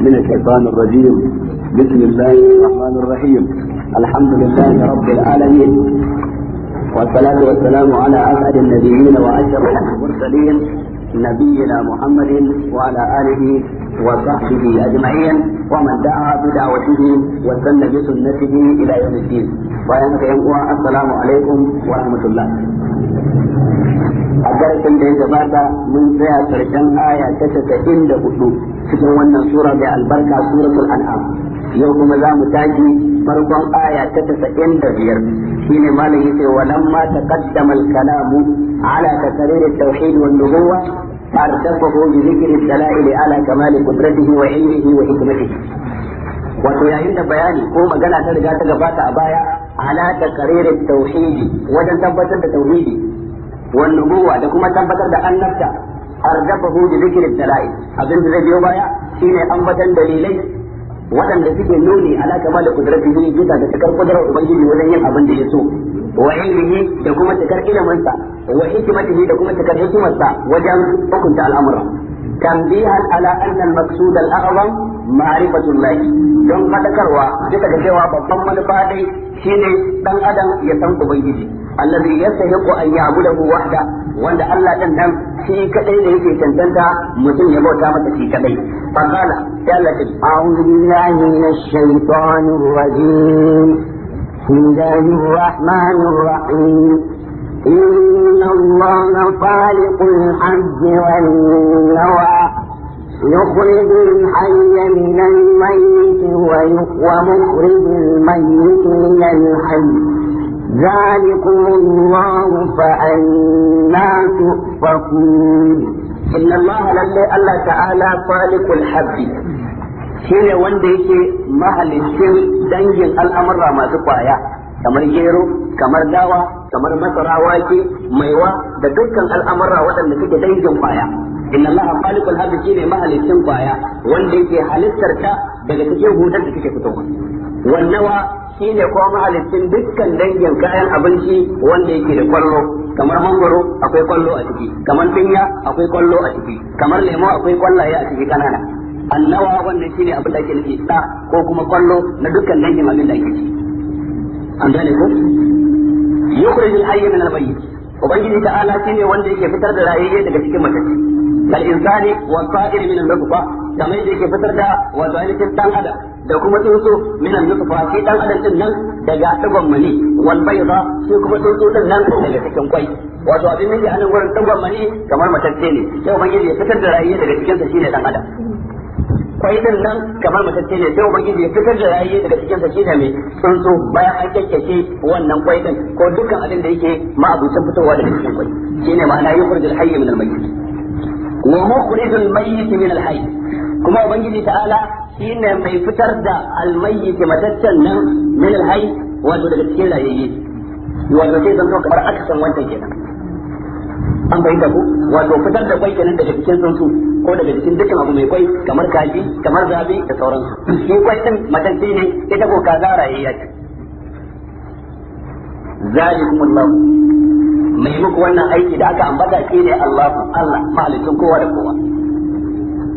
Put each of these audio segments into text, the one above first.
من الشيطان الرجيم بسم الله الرحمن الرحيم الحمد لله رب العالمين والصلاة والسلام على أسعد النبيين وأشرف المرسلين نبينا محمد وعلى آله وصحبه أجمعين ومن دعا بدعوته وسن بسنته إلى يوم الدين وينقيم السلام عليكم ورحمة الله a darasin da ya gabata mun tsaya karshen aya ta cikin wannan sura mai albarka suratul an'am yau kuma za mu tashi farkon aya ta tasa'in da biyar shine malam yace ma taqaddama al-kalamu ala taqrir at-tauhid wan-nubuwwa ala بذكر الدلائل على كمال قدرته وعلمه وحكمته wato yayin da bayani ko magana ta riga ta gabata a baya ala da karirin tauhidi wajen tabbatar da tauhidi wannan nubuwa da kuma tabbatar da annabta arjabahu bi dhikri dalail abin da zai biyo baya shine an ambatan dalilai waɗanda suke nuni ala kamal qudratihi bisa ga cikar kudrar ubangiji wajen yin abin da ya so wa ilmihi da kuma cikar iliminsa wa hikmatihi da kuma cikar hikimarsa wajen hukunta al'amura tambihan ala anna al-maqsud al-a'zam ma'rifatullah don fadakarwa duka ga cewa babban manufa dai shine dan adam ya san ubangiji allazi yastahiqu an ya'budahu wahda wanda Allah din nan shi kadai da yake cancanta mutum ya bauta masa shi kadai Fakala, ya Allah ki a'udhu billahi minash shaitanir rajim bismillahir rahmanir rahim إن الله خالق الحب والنوى يخرج الحي من الميت ومخرج الميت من الحي ذلكم الله فأنا تؤفكون إن الله لله الله تعالى خالق الحب shine wanda yake mahalicin dangin al'amurra masu kwaya kamar gero kamar dawa kamar masara wake maiwa da dukkan al'amurra waɗanda suke dangin kwaya inna allaha khaliqul habbi shine mahalicin kwaya wanda yake halittar ta daga cikin hudar da take fitowa wannawa shi ne kuma mahalittin dukkan dangin kayan abinci wanda yake da kwallo kamar mangoro akwai kwallo a ciki kamar pinya akwai kwallo a ciki kamar lemo akwai kwallaye a ciki kanana annawa wannan shine abin da ake nufi da ko kuma kwallo na dukkan dangin abin da ake ci an gane ko yukhrij al-hayy min al-mayyit ubangiji ta'ala shine wanda yake fitar da rayayye daga cikin mutane kal insani wa sa'ir min al-nutfa kamar yake fitar da wa zalikin dan adam da kuma tsuntsu minan nutfa sai dan adam din nan daga digon mani wal bayda sai kuma tsuntsu din nan daga cikin kwai wato abin nan a nan gurin digon mani kamar matacce ne sai ubangiji ya fitar da rayuwa daga cikin sa shine dan adam kwai din nan kamar matacce ne sai ubangiji ya fitar da rayuwa daga cikin sa shine mai tsuntsu bayan an kyakkyace wannan kwai din ko dukkan abin da yake ma'abucin fitowa daga cikin kwai shine ma'ana yukhrijul hayy min al-mayyit wa mukhrijul mayyit min al-hayy kuma ubangiji ta'ala shine mai fitar da almayyi ke mataccen nan min alhayy wato daga cikin rayayye wato sai zanto kamar aka san wancan kenan an bayyana ku wato fitar da kwai kenan daga cikin tsuntsu ko daga cikin dukkan abu mai kwai kamar kaji kamar zabi da sauransu shi kwai din matacce ne ita ko kaza rayayya ce zalikum Allah mai muku wannan aiki da aka ambata ne Allah Allah malikin kowa da kowa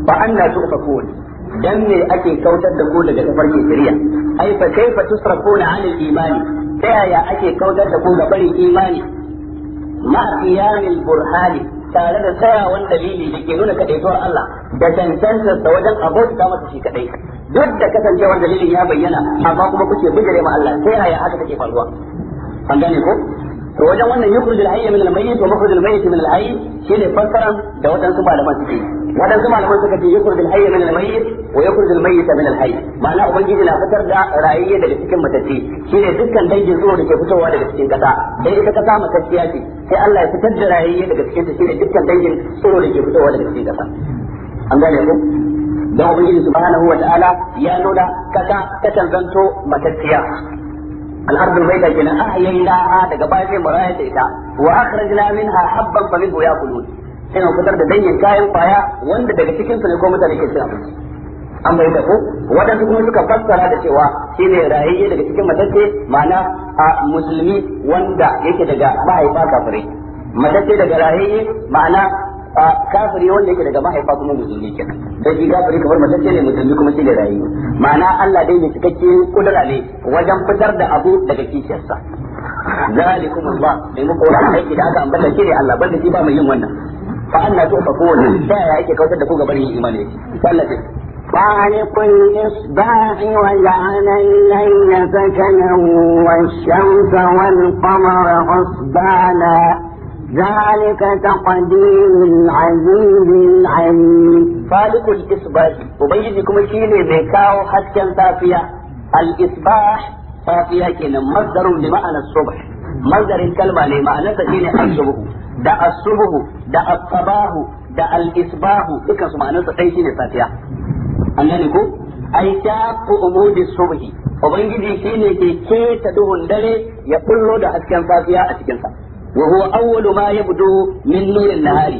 fa anna tu'fakun dan me ake kautar da ku daga tafarki shirya ai fa kaifa na an imani ta yaya ake kautar da ku ga barin imani ma qiyamil burhani tare da tsayawan dalili da ke nuna kadaituwar Allah da cancantar da wajen abota masa shi kadai duk da kasancewar dalilin ya bayyana amma kuma kuke bijire ma Allah ta yaya haka take faruwa an gane ko to wajen wannan yukhrujul hayya min al-mayyit wa mukhrujul mayyit min al-hayy shine fassara da wadansu malaman suke wadansu malaman suka ce yukhrujul hayya min al-mayyit wa yukhrujul mayyit min al-hayy ma'ana ubangiji na fitar da rayayye daga cikin matacce shine dukkan dangin zuwa da ke fitowa daga cikin kasa dai ita kasa matacciya ce sai Allah ya fitar da rayayye daga cikin ta shine dukkan dangin tsoro da ke fitowa daga cikin kasa an gane ku? dan ubangiji subhanahu wa ta'ala ya nuna kasa ta canzanto matacciya الارض البيضاء كنا احييناها daga baya sai muraya ta ita wa akhrajna minha habban fa ya yaqulun sai mu fitar da danyen kayan kwaya wanda daga cikin su ne ko mutane ke cin an bai ko waɗansu kuma suka fassara da cewa shi ne rayayye daga cikin matacce ma'ana a musulmi wanda yake daga mahaifa kafirai matacce daga rayayye ma'ana kafiri wanda yake daga mahaifa kuma musulmi ke da shi kafiri kamar matacce ne musulmi kuma shi da rayu ma'ana Allah dai ne cikakke kudura ne wajen fitar da abu daga kishiyarsa zalikum Allah dai muku wani aiki da aka ambata shi ne Allah banda shi ba mai yin wannan fa anna ne da ya yake kautar da ku ga barin imani sallatin خالق الإصباح وجعل الليل سكنا والشمس والقمر حسبانا ذلك تقدير العزيز العليم خالق الإصباح وبيجي كما شيني بيكاو حتى صافية الإصباح صافية كنا مصدر لمعنى الصبح مصدر الكلمة لمعنى سجين الصبح دا الصبح دا الصباح دا الإصباح لك معنى سجين صافية أنا كو أي شاق أمود الصبح وبيجي شيني كي كي تدهن دلي يقول له دا أسكن صافية أسكن صافية وهو أول ما يبدو من نور النهار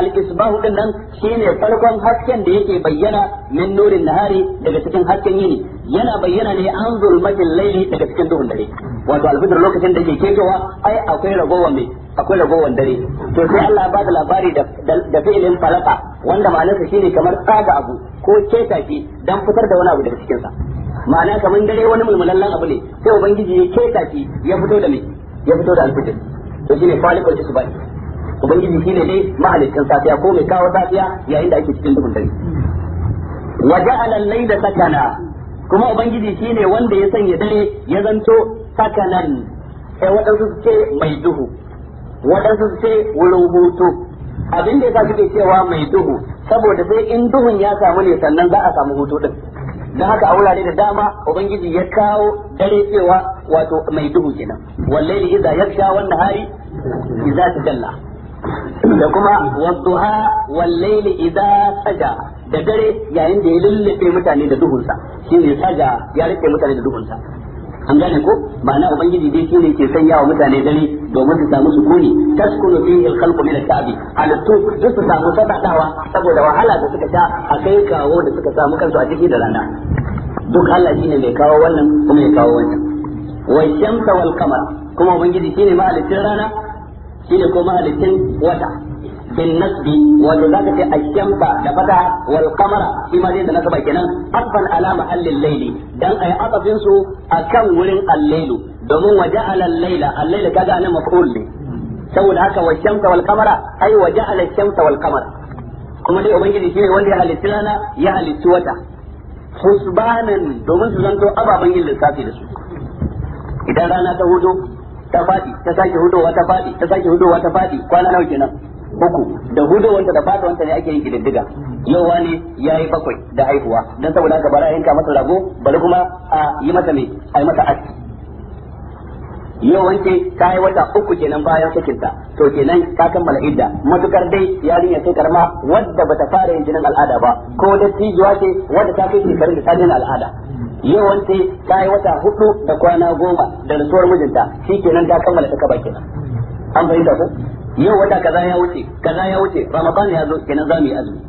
الإصباح nan شيني فرقم حسكن دي يكي بينا من نور nahari daga cikin hasken yini yana bayyana ne an zulmatin laili daga cikin duhun dare wato alfidar lokacin da ke kekewa ai akwai ragowa mai akwai ragowar dare to sai Allah ba labari da fi'ilin falaka wanda ma'anarsa shine kamar tsaga abu ko keta dan fitar da wani abu daga cikin sa ma'ana kamar dare wani mulmulallan abu ne sai ubangiji ya keta ya fito da mai ya fito da ne shi to shi khaliqul isba'i ubangiji ne dai mahalicin safiya ko mai kawo safiya yayin da ake cikin duhun dare wa ja'ala al-layla sakana kuma ubangiji ne wanda ya sanya dare ya zanto sakanan sai wadansu ce mai duhu wadansu ce wurin hutu abin da yasa suke cewa mai duhu saboda sai in duhun ya samu ne sannan za a samu hutu din dan haka a wurare da dama ubangiji ya kawo dare cewa wato mai duhu kenan wallahi idza yaksha wannan hari إذا تجلى da kuma والليل إذا layli idza saja da dare yayin da ya lullube mutane da duhunsa shine saja ya rike mutane da duhunsa an gane ko ma'ana ubangiji dai ne ke sanya wa mutane dare domin su samu sukuni taskunu fi al-khalqu min al-ta'bi halittu duk su samu sadadawa saboda wahala da suka sha a kai kawo da suka samu kansu a ciki da rana duk Allah shine mai kawo wannan kuma ya kawo wannan wa shamsa wal qamar kuma ubangiji shine ma'alicin rana shine ko mahalicin wata bin nasbi wato zaka ce ashyamsa da fata wal qamara shi ma dai da nasaba kenan asban ala mahallil layli dan ay atafin su akan wurin al-lailu domin waja'ala al-laila al-laila kaga anan maf'ul ne saboda haka wa shamsa wal qamara ay waja'ala ash-shamsa wal qamara kuma dai ubangiji ne wanda ya halitta rana ya halitta wata husbanan domin su zanto ababen yin lissafi da su idan rana ta hudu ta fadi ta sake hudowa ta fadi ta sake hudowa ta fadi kwana nawa kenan uku da ta da fadawanta ne ake yin kididdiga yau wani ya yi bakwai da haihuwa don saboda haka bara yanka masa rago bari kuma a yi masa ne a yi masa aski yau wance ta yi wata uku kenan bayan sakinta to kenan ta kammala idda matukar dai yarinya sai karma wadda bata fara yin jinin al'ada ba ko da tijuwa ce wadda ta kai shekarun da ta jinin al'ada yau wance ta yi wata hudu da kwana goma da rasuwar mijinta shi kenan ta kammala ta kaba kenan an fahimta ko yau wata kaza ya wuce kaza ya wuce ramadan ya zo kenan za mu yi azumi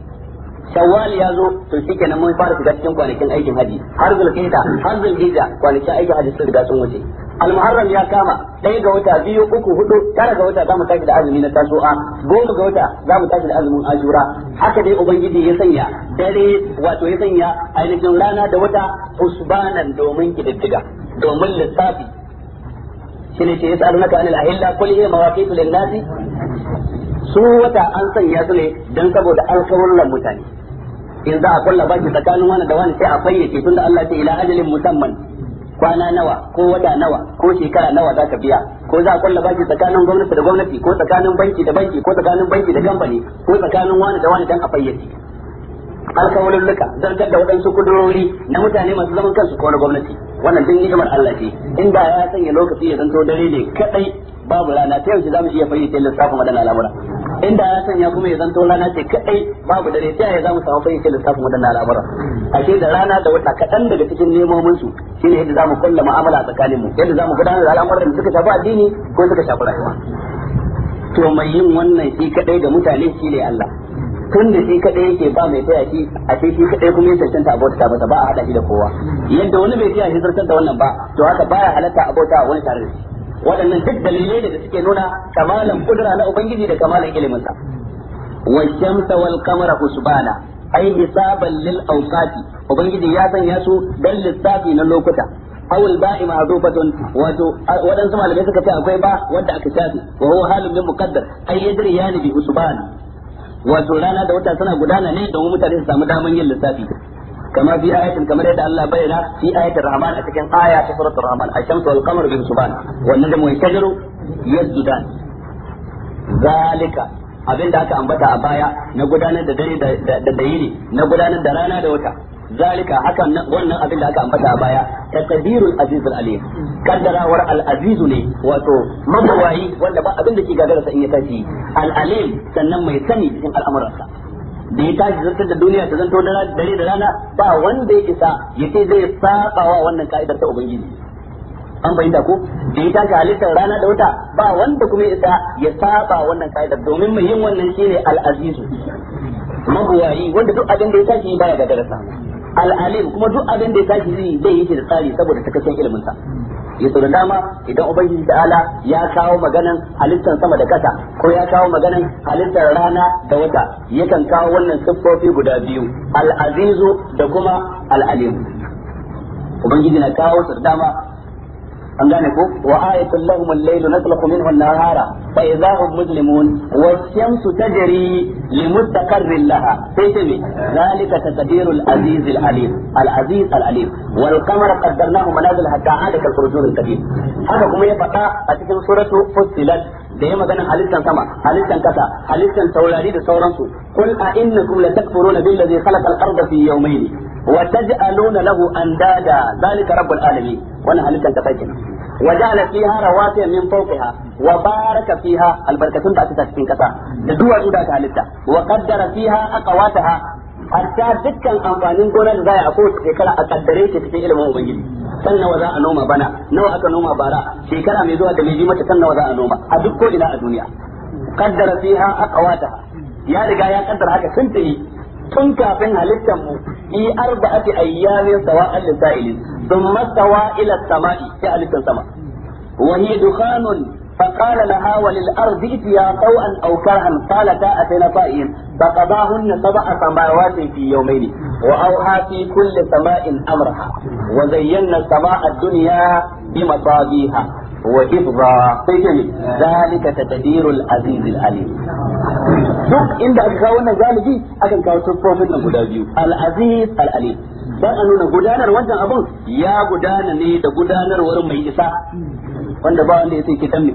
shawwal ya zo to shikenan mun fara shiga cikin kwanakin aikin haji har zulqa'da har zulhijja kwanakin aikin haji sun riga sun wuce المحرم ya kama ɗaya ga wata biyu uku hudu tara ga wata zamu tashi da azumi na tasu'a goma ga wata zamu tashi da azumin ajura haka dai ubangiji ya sanya dare wato ya sanya ainihin rana da wata usbanan domin kididdiga domin lissafi shine ce yas'alunaka anil ahilla kulli hiya mawaqitu lin-nasi su wata an sanya su ne dan saboda alkawarin mutane in za a kulla baki tsakanin wani da wani sai a fayyace tun da Allah ce ila ajalin musamman kwana nawa ko wata nawa ko shekara nawa za ka biya ko za a kwalla baki tsakanin gwamnati da gwamnati ko tsakanin banki da banki ko tsakanin banki da kamfani ko tsakanin wani da wani dan a fayyace alkawalin luka zargar da waɗansu kudurori na mutane masu zaman kansu ko na gwamnati wannan duk ni'imar Allah ce inda ya sanya lokaci ya zanto dare ne kaɗai babu rana ta yau za mu iya fayyace lissafin wadannan al'amura inda ya sanya kuma ya zanto rana ce kadai babu dare sai ya zamu samu fahimci lissafin wadannan al'amuran ce da rana da wata kadan daga cikin nemomin su shine yadda zamu kulla mu'amala tsakanin mu yadda zamu gudanar da al'amuran da suka shafi addini ko suka shafi rayuwa to mai yin wannan shi kadai da mutane shi ne Allah tun da shi kadai yake ba mai taya shi a ce shi kadai kuma ya tantance abota masa ba a hada shi da kowa yadda wani bai taya shi zartar da wannan ba to haka baya halatta abota wani tare da shi waɗannan duk dalilai ne da suke nuna kamalan kudura na ubangiji da kamalan iliminsa wa shamsa wal qamara husbana ai hisaban lil awqati ubangiji ya sanya su dal lissafi na lokuta أو الباء suka ce akwai ba wanda aka باء wa huwa وهو min muqaddar مقدر yadri يدري يعني بأسبان wato rana da wata suna gudana ne domin mutane su samu daman yin lissafi kama fi ayatin kamar yadda Allah bayyana fi ayatin rahman a cikin aya ta suratul rahman ash-shamsu wal qamaru bi subhan wan najmu yasjudu yasjudan zalika abinda aka ambata a baya na gudanar da dare da da yini na gudanar da rana da wata zalika haka wannan abin da aka ambata a baya taqdirul aziz al alim kaddarawar al aziz ne wato mabawayi wanda ba abin da ke gagararsa in ya tashi al alim sannan mai sani cikin al'amuransa da ya tashi zartar da duniya ta zanto da dare da rana ba wanda ya isa ya ce zai saba wa wannan ka'idar ta ubangiji an bayyana ko da ya tashi halittar rana da wata ba wanda kuma ya isa ya saba wannan ka'idar domin mai yin wannan shine al-azizu mabuwayi wanda duk abin da ya tashi baya ga darasa al-alim kuma duk abin da ya tashi zai yi da da tsari saboda takakken ilimin sa yaso da dama idan ubangiji ta'ala ya kawo maganan halittar sama da kasa ko ya kawo maganan halittar rana da wata yakan kawo wannan siffofi guda biyu al-azizu da kuma al-alim ubangiji na kawo su da dama an gane ko wa ayatul lahum al-layl naslaqu minhu an-nahara fa idha hum mujlimun wa ash-shamsu tajri li mustaqarrin laha sai ce me zalika taqdirul aziz al-alim al-aziz al-alim wal qamara qaddarnahu manazil hatta ala kal-furujun al-qadim haka kuma ya faɗa a cikin suratu fussilat da ya magana halittan sama halittan kasa halittan taurari da sauransu kul a innakum latakfuruna billazi khalaqa al-arda fi yawmayni wa taj'aluna lahu andada zalika rabbul alamin wannan halittar ta kai وجعل فيها رواسي من فوقها وبارك فيها البركتون da aka cikin kasa da duwatsu da aka halitta wa qaddara fiha aqwataha hatta dukkan amfanin gonar da za a ko shekara a kaddare shi cikin ilimin ubangiji san nawa za a noma bana nawa aka noma bara shekara mai zuwa da mai mata nawa za a noma a duk ko ina a duniya qaddara ya riga ya kaddara haka sun tun kafin halittar mu yi arba a fi ayyamin sawa allin sa'ilin don masawa ila samani ya halittar sama wani dukanun faƙala na hawalin arziki ya sau'an an aukar an salata a sai na fa'in ba ka ba hunna saba a samarwa ta fi yau mai ne wa au kulle sama'in amurha wa zayyan na a duniya bi matabi ha wa ibra sai ke zalika taqdirul aziz al alim duk inda aka kawo wannan galibi akan kawo tsofaffin nan guda biyu al aziz al alim a nuna gudanar wannan abun ya gudana ne da gudanarwar mai isa wanda ba wanda sai kitan ne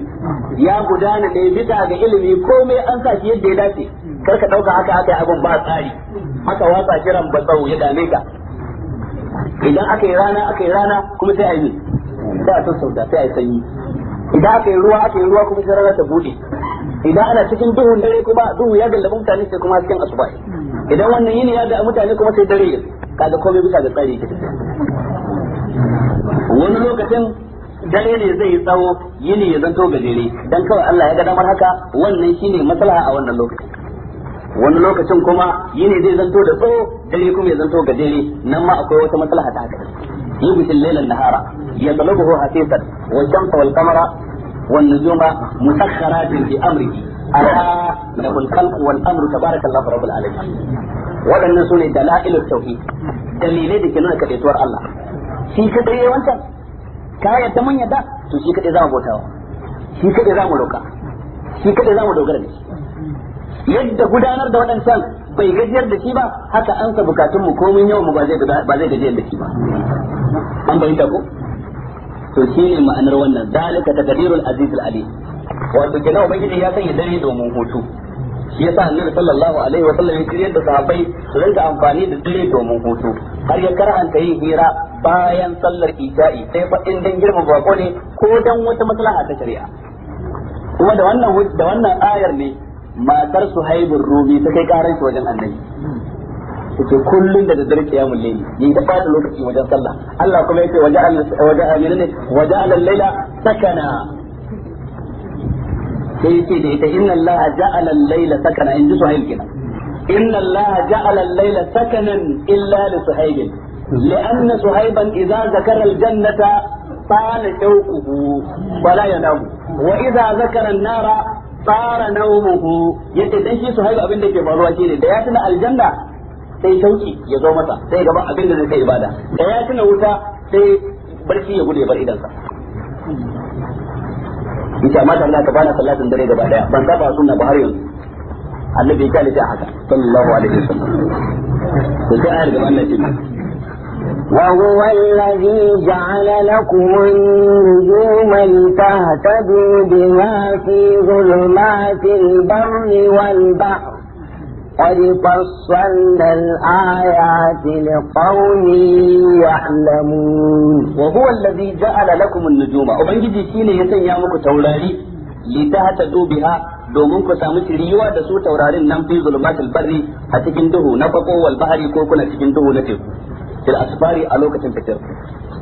ya gudana ne bisa ga ilimi komai an sa shi yadda ya dace kar ka dauka haka aka yi abun ba tsari haka watsa kiran batsau ya dame ka idan aka rana akayi rana kuma sai a yi sai a sassauta sai a yi sanyi idan aka yi ruwa aka yi ruwa kuma sai ta bude idan ana cikin duhu dare kuma duhu ya gallaba mutane sai kuma hasken asuba idan wannan yini ya a mutane kuma sai dare ya kaga komai bisa ga tsari yake wani lokacin dare ne zai yi tsawo yini ya zanto gajere dan kawai Allah ya ga damar haka wannan shine maslaha a wannan lokacin wani lokacin kuma yini zai zanto da tsawo dare kuma ya zanto gajere nan ma akwai wata maslaha ta haka يغشي الليل النهار يطلبه حثيثا والشمس والقمر والنجوم مسخرات بأمره ألا له الخلق والأمر تبارك الله رب العالمين waɗannan su ne dala'ilu tauhid dalilai da ke nuna kaɗaituwar Allah shi kadai yayin wancan ka yadda mun yadda to shi kadai zamu bautawa shi za mu roka shi za mu dogara da shi yadda gudanar da waɗancan bai gajiyar da shi ba haka an sa bukatun mu komai yau mu ba zai ba zai gajiyar da shi ba an bayyana ko to shi ne ma'anar wannan zalika ta aziz al Ali. wato kenan ubangiji ya sanya dare domin hutu shi yasa annabi sallallahu alaihi wa sallam ya da sahabbai su rinka amfani da dare domin hutu har ya karanta yin hira bayan sallar isha'i sai fa in dan girma bako ne ko dan wata maslaha ta shari'a kuma da wannan da wannan ayar ne matar su suhaibin rubi ta kai karan shi wajen annabi take kullun da daddare qiyamul layli yin ta fada lokaci wajen sallah Allah kuma yace waje waja'al ne waje al-laila sakana sai yace da ita inna Allah ja'ala al-laila sakana in ji suhaib kenan inna Allah ja'ala al-laila sakanan illa li suhaib لأن صهيبا إذا ذكر الجنة طال شوقه ولا ينام وإذا ذكر النار tsara naumuhu yace dan shi suhaibu abin da ke faruwa shine da ya tuna aljanna sai shauki ya zo masa sai gaba abin da zai kai ibada da ya tuna wuta sai barci ya gude bar idansa yace amma Allah ka bana salatin dare gaba daya ban saba sunna ba har yanzu annabi ya kalle ta haka sallallahu alaihi wasallam to sai ayar gaban Allah ce وهو الذي جعل لكم النجوم لتهتدوا بها في ظلمات البر والبحر قد فصلنا الآيات لقوم يعلمون وهو الذي جعل لكم النجوم وبنجي شيني يسن يامك تولاري لتهتدوا بها domin ku samu shiriyuwa da su taurarin nan fi zulumatul barri a cikin duhu na fako wal bahari ko kuna cikin duhu na teku fil asfari a lokacin tafiyar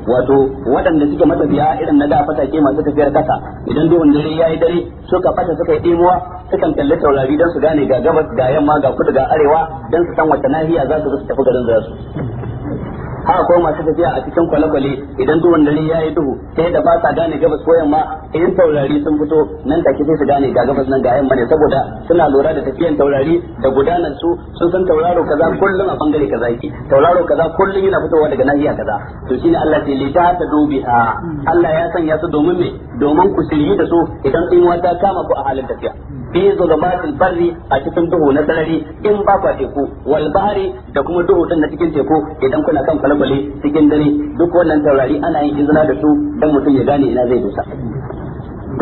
wato waɗanda suke matafiya irin na da fatake masu tafiyar kasa idan duhun dare yi dare suka fata suka yi dimuwa sukan kalli taurari dan su gane ga gabas ga yamma ga kudu ga arewa dan su san wata nahiya za su tafi garin zasu ha ko masu tafiya a cikin kwale-kwale idan duwan dare ya yi duhu sai da ba sa gane gabas ko yamma in taurari sun fito nan take sai su gane ga gabas nan ga yamma ne saboda suna lura da tafiyan taurari da gudanar su sun san tauraro kaza kullum a bangare kaza yake tauraro kaza kullum yana fitowa daga nahiya kaza to shine Allah ce lita ta dubiha Allah ya sanya su domin me domin ku shiryi da su idan in wata kama ku a halin tafiya fi zulumatil barri a cikin duhu na sarari in ba kwa teku wal bahri da kuma duhu din na cikin teku idan kuna kan kwalkwale cikin dare duk wannan taurari ana yin izina da su dan mutum ya gane ina zai dusa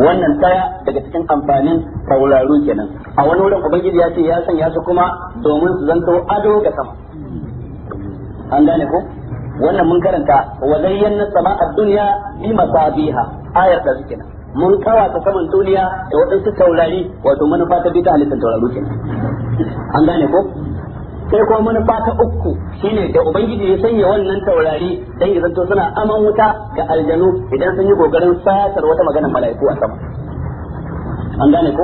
wannan daya daga cikin amfanin tauraro kenan a wani wurin ubangiji ya ce ya sanya su kuma domin su zanto ado ga sama an gane ko wannan mun karanta wa zayyana sama'a dunya bi masabiha ayar da suke nan mun kawata saman duniya da waɗansu taurari wato manufa ta biyu ta halittar tauraru ke an gane ko sai kuma manufa ta uku shine da ubangiji ya sanya wannan taurari dan ya zanto suna aman wuta ga aljanu idan sun yi kokarin satar wata magana mala'iku a sama an gane ko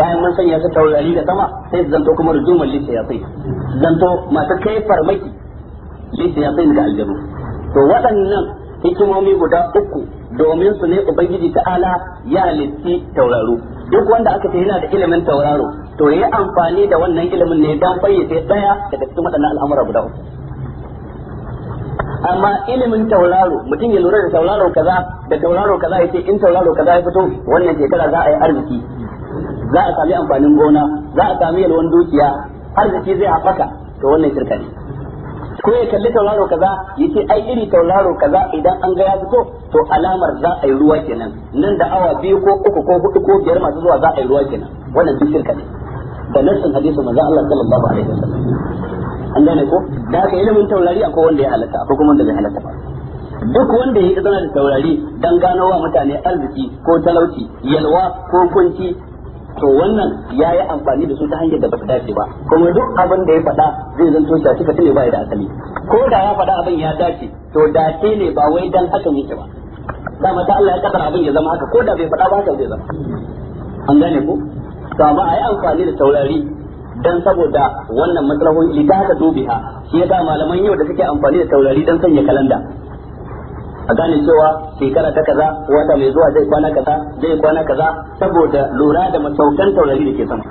bayan mun sanya su taurari da sama sai su zanto kuma rujumar lissa ya sai zanto masu kai farmaki lissa ya sai ga aljanu to waɗannan hikimomi guda uku domin su ne ubangiji ta'ala ya halitti tauraro duk wanda aka ce yana da ilimin tauraro to yayi amfani da wannan ilimin ne dan fayyace daya daga cikin waɗannan al'amura guda uku amma ilimin tauraro mutum ya lura da tauraro kaza da tauraro kaza yake in tauraro kaza ya fito wannan shekara za a yi arziki za a sami amfanin gona za a sami yalwan dukiya arziki zai haɓaka to wannan shirka ne ko ya kalli tauraro kaza yace ai iri tauraro kaza idan an ga ya fito to alamar za a yi ruwa kenan nan da awa biyu ko uku ko hudu ko biyar masu zuwa za a yi ruwa kenan wannan duk shirka ne da nassin hadisi manzo Allah sallallahu alaihi wasallam an gane ko da yi ilimin taurari akwai wanda ya halaka akwai kuma wanda bai halaka ba duk wanda ya zana da taurari dan gano wa mutane arziki ko talauci yalwa ko kunci to wannan ya yi amfani da su ta hanyar da ba su dace ba kuma duk abin da ya faɗa zai zan zanto shi cika ne ba da asali ko da ya faɗa abin ya dace to dace ne ba wai dan haka muke ba ma ta Allah ya kaddara abin ya zama haka ko da bai faɗa ba haka zai zama an gane ku. to amma a yi amfani da taurari dan saboda wannan maslahohi ka dubi ha shi yasa malaman yau da suke amfani da taurari dan sanya kalanda a gane cewa shekara ta kaza wata mai zuwa zai kwana kaza zai kwana kaza saboda lura da masaukan taurari da ke sama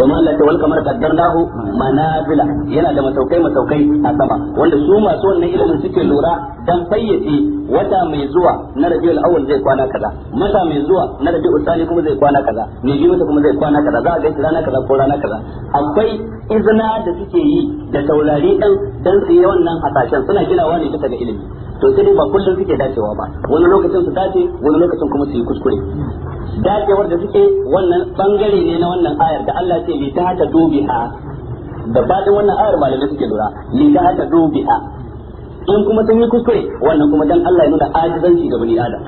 domin Allah ta wal kamar qaddarnahu manabila yana da masaukai masaukai a sama wanda su masu wannan ilimin suke lura dan fayyace wata mai zuwa na rabiul awwal zai kwana kaza mata mai zuwa na rabiul thani kuma zai kwana kaza ne biyu ta kuma zai kwana kaza za a ga rana kaza ko rana kaza akwai izna da suke yi da taurari dan dan su yi wannan hasashen suna ginawa ne ta ga ilimi to sai dai ba kullum suke dacewa ba wani lokacin su dace wani lokacin kuma su yi kuskure dacewar da suke wannan bangare ne na wannan ayar da Allah ce li ta hata dubiha da fadin wannan ayar malamai suke lura li ta hata dubiha in kuma sun yi kuskure wannan kuma dan Allah ya nuna ajizanci ga bani adam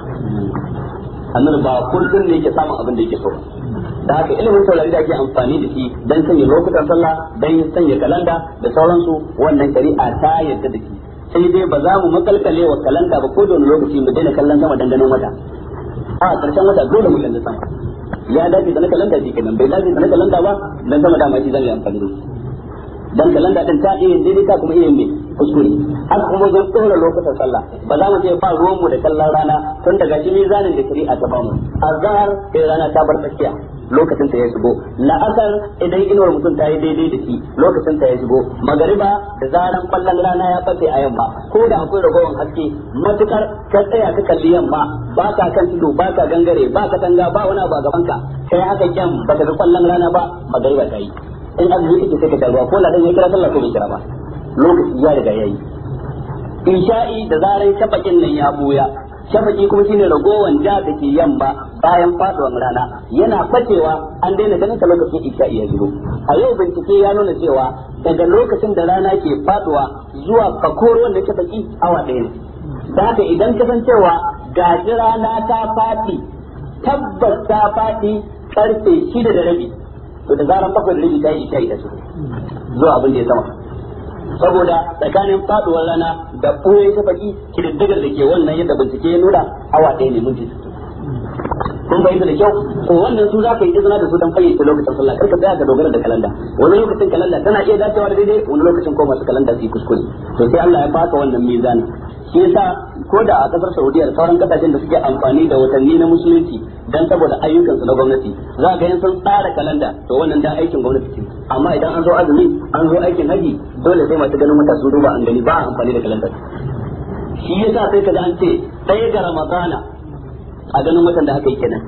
annabi ba kullum ne yake samun abin da yake so da haka ilimin taurari da ake amfani da shi dan sanya lokutan sallah dan sanya kalanda da sauransu wannan shari'a ta yadda da shi sai dai ba za mu makalkale wa kalanta ba ko don lokaci mu daina kallon sama dandanon wata a karshen wata dole mu kalli sama ya dace da na kalanta shi kenan bai dace da na kalanta ba dan sama da mai zan yi amfani da dan kalanda din ta iya daidai ta kuma iya mai kuskure haka kuma zan tsora lokacin sallah ba za mu je ba ruwan mu da kallon rana tun daga shi mizanin da shari'a ta bamu azhar kai rana ta bar tsakiya lokacin ta ya shigo la'asar idan inuwar mutum ta yi daidai da shi lokacin ta ya shigo magariba da zaran kwallon rana ya fashe a yamma ko da akwai ragowar haske matukar ka tsaya ka kalli yamma ba ka kan ido ba ka gangare ba ka tanga ba wani abu a gaban ka kai haka kyan ba baka ga kwallon rana ba magariba ta yi in azumi kake sai ka tarwa ko ladan ya kira sallah ko bai kira ba lokaci ya riga yayi insha'i da zaran shafakin nan ya buya shafaki kuma shine ragowar da take yamma bayan faduwar rana yana fakewa an daina ganin ka lokacin isha ya zo a yau bincike ya nuna cewa daga lokacin da rana ke faduwa zuwa fakor wanda ke baki awa ɗaya da haka idan san cewa gaji rana ta fati tabbas ta fati karfe shida da rabi to da zaran bakwai da rabi ta yi isha ita su zuwa abin da ya sama saboda tsakanin faduwar rana da ɓoye ta baki kididdigar da ke wannan yadda bincike ya nuna awa ɗaya ne mun ji kun bai da kyau ko wannan su ka yi izina da su dan fayyace lokacin sallah karka tsaya ga dogara da kalanda wani lokacin kalanda tana iya dacewa da daidai wani lokacin ko masu kalanda su yi kuskure to sai Allah ya fasa wannan mizan shi yasa ko da a kasar Saudiya da sauran kasashen da suke amfani da watanni na musulunci dan saboda ayyukan su na gwamnati za ka yin sun tsara kalanda to wannan da aikin gwamnati ce amma idan an zo azumi an zo aikin haji dole sai masu ganin mutasu sun duba an gani ba amfani da kalanda shi yasa sai kaga an ce ɗaya ga Ramadana a ganin watan da haka yi kenan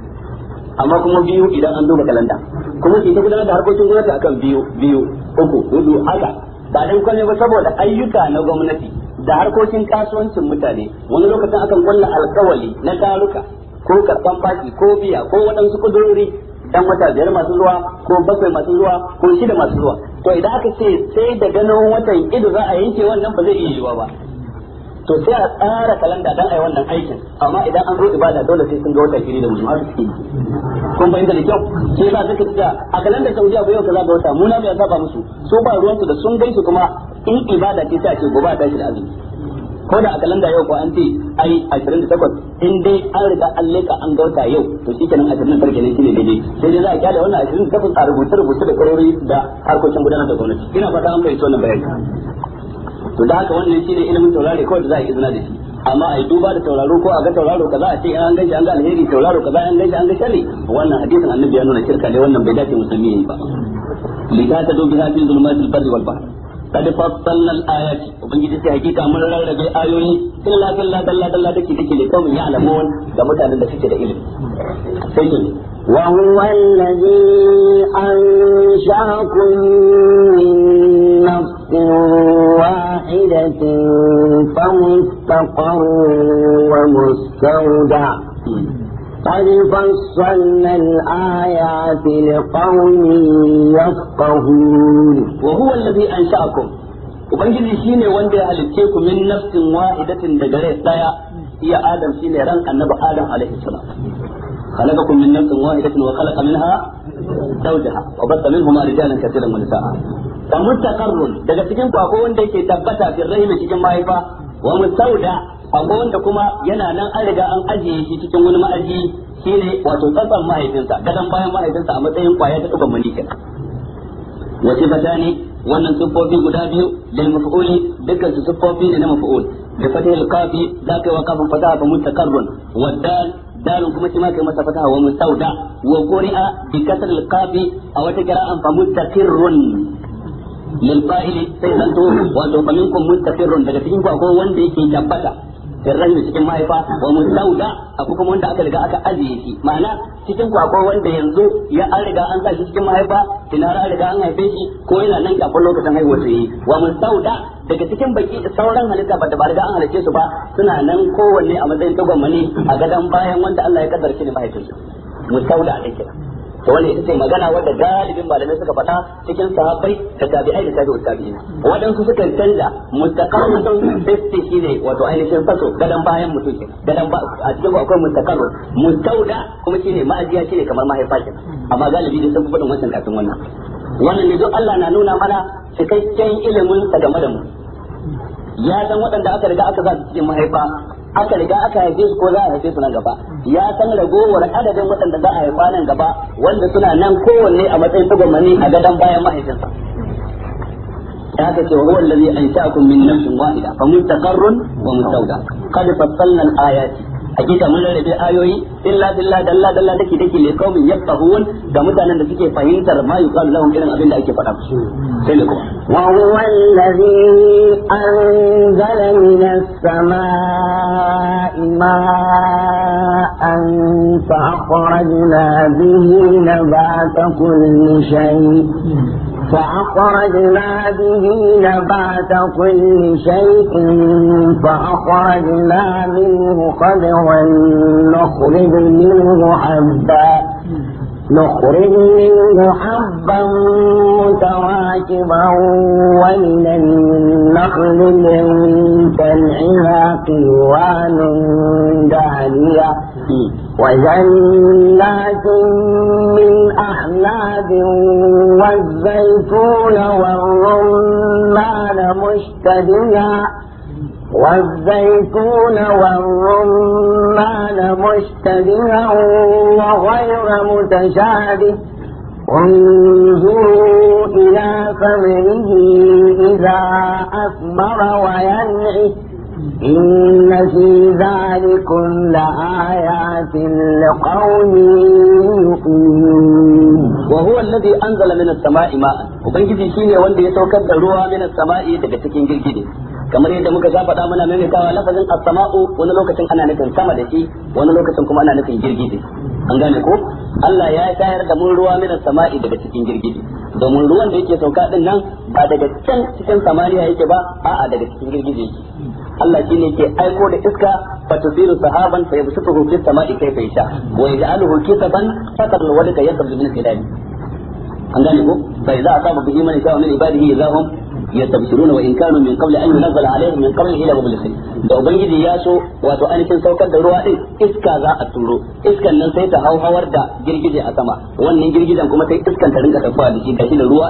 amma kuma biyu idan an duba kalanda kuma su gudanar da harkokin gwamnati akan biyu biyu uku hudu haka ba dan kwane ba saboda ayyuka na gwamnati da harkokin kasuwancin mutane wani lokacin akan kulla alkawali na taruka ko karban baki ko biya ko waɗansu kudurori dan wata biyar masu zuwa ko bakwai masu zuwa ko shida masu zuwa to idan aka ce sai da ganin watan ido za a yanke wannan ba zai iya yiwa ba to sai a tsara kalanda dan ai wannan aikin amma idan an zo ibada dole sai sun ga wata kiri da mutum haka suke kun fahimta da kyau sai ba zaka tsaya a kalandar Saudiya ba yau kaza ga wata mu na ya saba musu so ba ruwan su da sun gaisu kuma in ibada ce sai a ce gobe a tashi da azumi ko da a kalanda yau ko an ce ai 28 in dai an riga an leka an gauta yau to shikenan 29 ne shine daidai sai dai za a kyale wannan 28 a rubuce rubuce da karori da harkokin gudanar da gwamnati ina fata an fahimci wannan bayani to da haka wannan ne ilimin taurari kawai da za a izina da shi amma a yi duba da tauraro ko a ga tauraro kaza a ce an gaji an ga alheri tauraro kaza an gaji an ga shari wannan hadisin annabi ya nuna shirka ne wannan bai dace musulmi ne ba lita ta dubi ha fil zulumatil barri wal bahr qad fassalna al ayat ubangiji sai hakika mun rarrabe ayoyi illa billah dalla dalla dake dake ne kawai ya'lamun ga mutanen da suke da ilimi sai ne وهو الذي أنشأكم من نفس نفس واحدة فمستقر ومستودع قد فصلنا الآيات لقوم يفقهون وهو الذي أنشأكم Ubangiji shi وندي على ya من نفس واحدة nafsin wahidatin هي آدم daya iya النبى آدم عليه ran خلقكم من نفس واحدة وخلق منها زوجها وبث منهما رجالا كثيرا ونساء da mutakarrun daga cikin ku akwai wanda yake tabbata fil rahimi cikin mahaifa wa musauda akwai wanda kuma yana nan an riga an ajiye shi cikin wani ma'aji shine wato tsatsan mahaifinsa gadan bayan mahaifinsa a matsayin kwaya ta dukan mulki wace batani wannan sufofi guda biyu lil maf'uli dukkan su sufofi ne na maf'ul da fatihul qafi kai wa kafin fataha fa mustaqarrun wa dal dalun kuma shi ma kai masa fataha wa musauda wa quri'a bi kasr al qafi a wata an fa mustaqirrun للفائل fa'ili sai zanto wato faminkum mustaqirrun daga cikin ku yake tabbata sirrin cikin mahaifa wa mustauda akwai wanda aka riga aka ajiye ينزو ma'ana cikin أنتا yanzu ya an riga an ننجا shi cikin mahaifa tinara an haife ko yana nan lokacin haihuwar yi wa daga cikin baki sauran halitta ba da ba riga an halice su ba suna nan kowanne a matsayin ne a gadon bayan wanda Allah ya kaddara shi ne mahaifinsa mutauda a kira to ita ce magana wadda galibin malamai suka fata cikin sahabbai da tabi'ai da tabi'u tabi'ina Wadansu sukan canza mustaqarrun fisti shine wato ainihin faso gadan bayan mutum ke gadan ba a cikin akwai mustaqarrun mustauda kuma shine ma'ajiya shine kamar mahaifa ke amma galibi da sun fi faɗin wancan kafin wannan wannan ne duk Allah na nuna mana cikakken ilimin sa game da mu ya san waɗanda aka riga aka zaɓi cikin mahaifa aka riga aka haife su ko za a haife su nan gaba ya san ragowar adadin waɗanda za a haifa nan gaba wanda suna nan kowanne a matsayin tsagwamani a gadon bayan mahaifinsa ya ta ce huwa allazi ansha'akum min nafsin wahida fa mustaqarrun wa mustawda qad fassalna al-ayati hakika mun rarrabe ayoyi illa billah dalla dalla dake dake le kaumin yafahun da mutanen da suke fahimtar ma yuqalu lahum irin abin da ake faɗa musu sai ne kuma wa huwa allazi anzala minas samaa'i ma'an fa akhrajna bihi nabata kulli فأخرجنا به نبات كل شيء فأخرجنا منه خضرا نخرج منه حبا نخرج منه حبا متراكبا ومن النخل من تنعها قيوان دانية وجنات من أحلاب والزيتون والرمان مشتبها والزيتون والرمان مشتبها وغير متشابه انظروا إلى ثمره إذا أثمر وينعي إن في ذلكم لآيات لقوم يؤمنون وهو الذي أنزل من السماء ماء وبنجي شيني وندي يتوكد الروح من السماء تكتكين جلجلي kamar yadda muka sha faɗa muna maimaitawa lafazin as-sama'u wani lokacin ana nufin sama da shi wani lokacin kuma ana nufin girgije an gane ko Allah ya tayar da mun ruwa min samai daga cikin girgije domin ruwan da yake sauka din nan ba daga can cikin samaniya yake ba a'a daga cikin girgije Allah shi ne ke aiko da iska fa tusiru sahaban fa wa an gane ko min ibadihi wa in kanu min an min ila da ubangiji ya so wato ainihin saukar da ruwa din iska za a turo iskan nan sai ta hauhawar da girgije a sama wannan girgijen kuma sai iskan ta rinka tafiya da shi da ruwa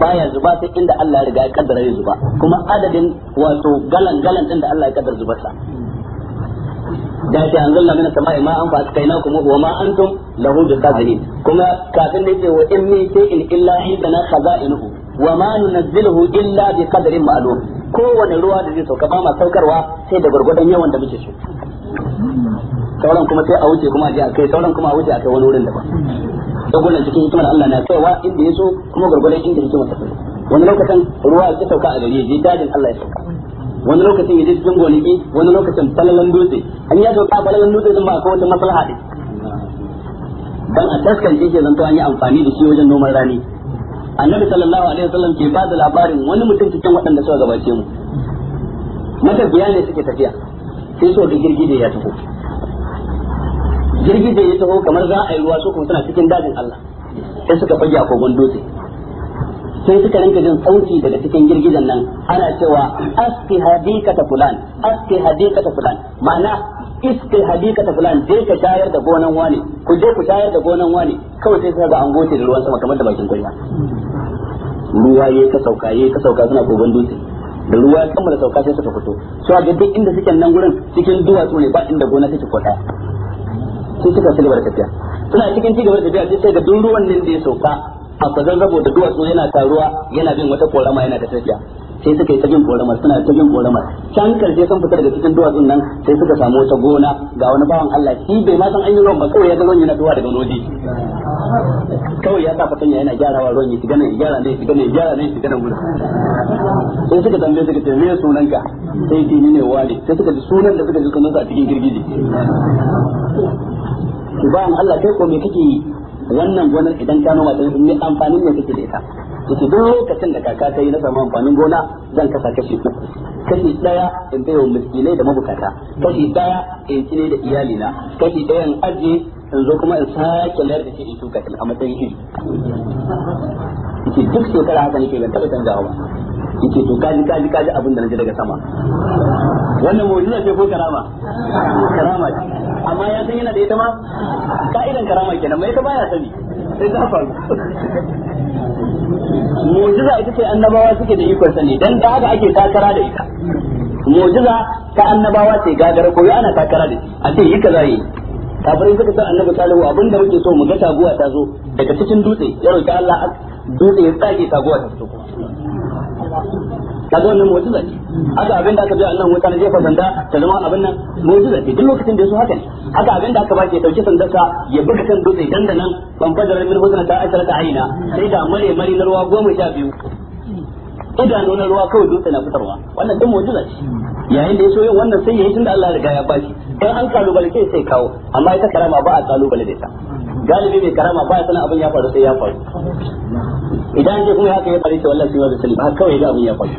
baya zuba sai inda Allah ya riga ya kaddara ya zuba kuma adadin wato galan galan din da Allah ya kaddara zubarsa da shi an zalla mina sama'i ma an fa askaina kuma wa ma antum lahu bisazinin kuma kafin da yake wa in sai in illa indana khaza'inuhu wa ma nunazziluhu illa bi qadarin ma'lum kowane ruwa da zai sauka ba ma saukarwa sai da gurgurdan yawan da muke so sauran kuma sai a wuce kuma a je a kai sauran kuma a wuce a kai wani wurin daban duk wannan cikin hikimar Allah na kaiwa inda ya so kuma gurgurdan inda hikimar ta kai wani lokacin ruwa ya sauka a gari ya dajin Allah ya sauka wani lokacin ya je cikin gonaki wani lokacin falalan dutse an ya sauka falalan dutse din ba akwai wata maslaha ne dan a taskan shi zanto an yi amfani da shi wajen noman rani annabi sallallahu alaihi wasallam ke ba da labarin wani mutum cikin waɗanda suka gabace mu matafiya ne suke tafiya sai so da girgije ya tafi girgije ya taho kamar za a yi ruwa su kuma suna cikin dajin Allah sai suka fage a kogon dutse sai suka rinka jin sauti daga cikin girgijen nan ana cewa aski hadikata fulan aski hadikata fulan ma'ana hadika hadikata fulan je ka shayar da gonan wani ku je ku shayar da gonan wani kawai sai ga an goce da ruwan sama kamar da bakin kwaya ruwa ya ka sauka ya ka sauka suna kogon dutse da ruwa sama da sauka sai suka fito so a duk inda suke nan gurin cikin duwatsu ne ba inda gona take kwata sun suka ci gaba tafiya suna cikin ci gaba tafiya sai da duk ruwan nan da ya sauka a fazan rabo da duwatsu yana taruwa yana bin wata korama yana da tafiya sai suka yi ta jin koramar suna ta jin koramar can karshe sun fitar daga cikin duwatsun nan sai suka samu wata gona ga wani bawan Allah shi bai ma san an ruwan ba kawai ya ga ruwan yana tuwa daga noji kawai ya sa fatanya yana gyarawa ruwan ya shiga nan gyara ne shiga nan gyara ne shiga nan gudu sai suka tambaye suka ce me sunan ka sai ce ni ne wani sai suka ji sunan da suka ji sunan sa a cikin girgije bawan Allah kai ko me kake yi wannan gonar idan ka noma ta ne amfanin ne kake da ita yace duk lokacin da kaka ta yi na samu amfanin gona zan kasa kashi uku kashi daya in bayo miskinai da mabukata kashi daya in kine da iyalina kashi daya in aje in zo kuma in sake layar da shi in shuka a matsayin iri yace duk shekara haka nake ban taba canzawa ba yace to kaji kaji kaji abin da naje daga sama wannan mu'jiza ce ko karama karama ce amma ya san yana da ita ma ka'idan karama kenan mai ta baya sani sai ta faru mu'jiza ita ce annabawa suke da ikon sani dan da haka ake takara da ita mu'jiza ta annabawa ce gagara koyo ana takara da a ce yi kaza yi kafirin suka san annabi salihu abinda muke so mu ga taguwa ta zo daga cikin dutse ya roki Allah dutse ya tsage taguwa ta fito kaga wannan mu'jiza ce haka abin da aka ji Allah wuta na jefa sanda ta zama abin nan mu'jiza ce duk lokacin da yaso haka ne haka abin da aka ba ke dauki sandarsa ya buga kan dutse dandanan ban fadara min husna ta asharata aina sai da mare mari na ruwa goma sha biyu idanu na ruwa kawai dutse na fitarwa wannan din mu'jiza ce yayin da ya so yin wannan sai yayin da Allah ya riga ya bashi dan an kalubalce sai kawo amma ita karama ba a kalu da ta galibi mai karama ba ya sanin abin ya faru sai ya faru idan ce kuma ya haka ya faru sai wallahi sai ya sani ba kawai ga abin ya faru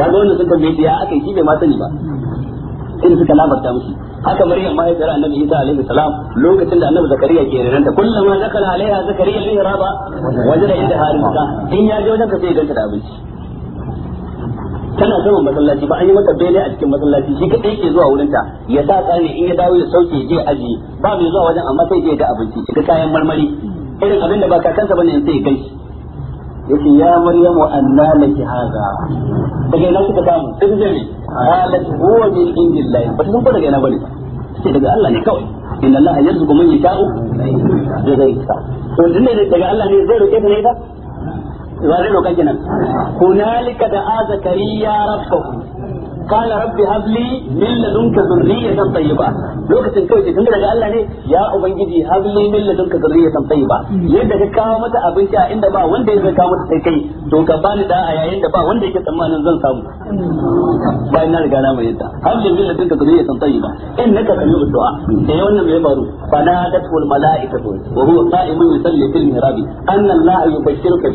kaga wannan sun tambaye biya aka yi bai ma sani ba in suka labarta musu haka maryam ma ya tsara annabi isa alaihi salam lokacin da annabi zakariya ke rinanta kullum ma zakala alaiha zakariya lihraba wajda inda harisa in ya je wajen ka sai ya ganta da abinci tana zama masallaci ba an yi mata bele a cikin masallaci shi kadai ke zuwa wurinta ya sa tsari in ya dawo ya sauke je aji ba mai zuwa wajen amma sai je ga abinci ga kayan marmari irin abin da ba kansa bane sai ya gaishe yake ya maryam wa anna laki hada daga ina suka samu sai ta halat huwa min indillah ba ta san ko daga ina bane sai daga Allah ne kawai inna Allah yarzuqu man yasha'u bi ghairi hisab to dinne daga Allah ne zai roke ne ba يوري لو كجنا هنالك دعا زكريا ربه qala rabbi habli min ladunka dhurriyatan tayyiba lokacin kai tun daga Allah ne ya ubangiji habli min ladunka dhurriyatan tayyiba yadda ka kawo mata abinci a inda ba wanda ya kawo mata sai kai to ka bani da a yayin da ba wanda yake tsammanin zan samu bayan na riga na mai yadda habli min ladunka dhurriyatan tayyiba innaka sami'ud du'a sai wannan mai faru fa nadatu al mala'ikatu wa huwa qa'imun yusalli fil mihrab anna Allah yubashshiruka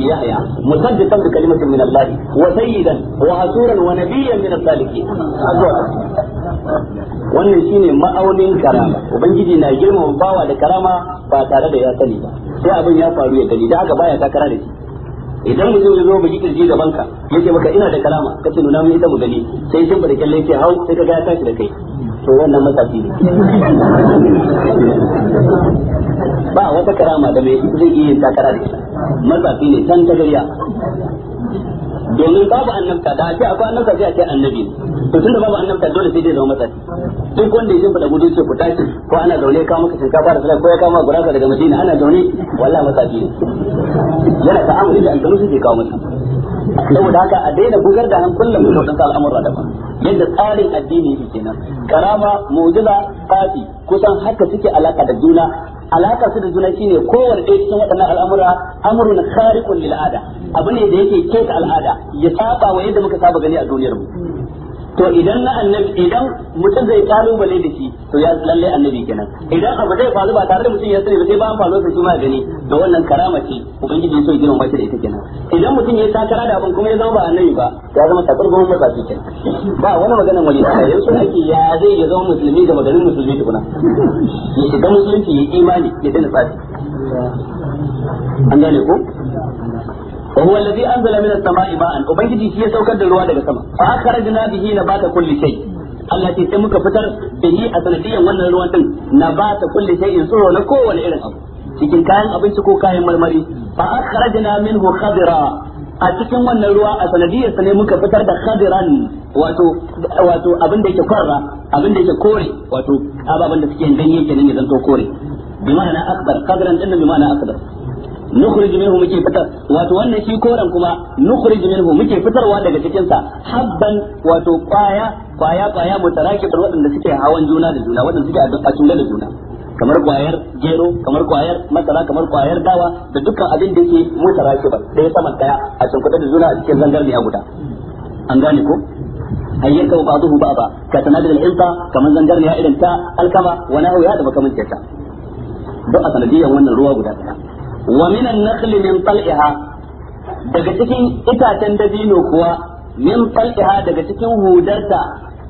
wannan shine ma'aunin karama ubangiji na girmama bawa da karama ba tare da ya sani ba sai abin ya faru ya gani da haka baya takara da shi idan mu zo mu ji kirji gaban ka yake maka ina da karama kace nuna mun ita mu gani sai shin ba da kalle yake hau sai ka ga ya tashi da kai to wannan matafi ne ba wata karama da mai zai iya takara da shi. matsafi ne tan tagariya domin babu annabta da ake akwai annabta sai a annabi to tunda babu annabta dole sai dai zama matsayi duk wanda yake fada gudu ce ku tashi ko ana zaune kawo maka shinkafa fara sai ko ya kama gurasa daga madina ana zaune wallahi matsayi ne yana amuri da aljanu sai kawo masa saboda haka a daina bugar da hankulan mu al'amuran al'amura ba yadda tsarin addini yake kenan karama mu'jiza kafi kusan haka suke alaka da juna alakar su da juna shine kowanne ɗaya cikin waɗannan al'amura amurin khariqun lil al'ada, abu ne da yake keta al'ada ya saba wa yadda muka saba gani a duniyar mu to idan na annabi idan mutum zai bale da shi to ya lalle annabi kenan idan abu zai faru ba tare da mutum ya sani ba sai ba faru sai kuma gani da wannan karama ce ubangiji so girma bace da ita kenan idan mutum ya kara da abin kuma ya zama ba annabi ba ya zama takar gwamnati ba shi kenan ba wani maganar wani yau yanzu ake ya zai ya zama musulmi da maganin musulmi tukuna ya shiga musulunci ya imani ya dana fasi an gane ko wa huwa alladhi anzala minas sama'i ma'an ubangiji shi ya saukar da ruwa daga sama fa akhrajna bihi nabata kulli shay Allah ce sai muka fitar bihi a sanadiyan wannan ruwan din nabata kulli shay'in tsoro na kowane irin cikin kayan abinci ko kayan marmari a cikin wannan ruwa a sanadiyar sa ne muka fitar da khadiran wato wato abin da yake kwarra abin da yake kore wato ababen da suke ganye kenan ya zanto kore bi ma'ana akbar khadiran din bi ma'ana akbar nukhrij minhu muke fitar wato wannan shi koran kuma nukhrij minhu muke fitarwa daga cikin sa habban wato kwaya kwaya kwaya mutarakib waɗanda suke hawan juna da juna wadanda suke a juna da juna kamar kwayar gero kamar kwayar masara kamar kwayar dawa da dukkan abin da yake mutarakib ɗaya saman ɗaya a cikin da juna a cikin zangarniya guda an gane ko hayyanka wa ba'dahu ba'da ka tanadar al-ilta kamar zangarniya irin ta alkama wa nahu ya da makamin ta duk a sanadiyan wannan ruwa guda ɗaya wa minan nakhli min tal'iha daga cikin itacen dabino kuwa min tal'iha daga cikin hudarta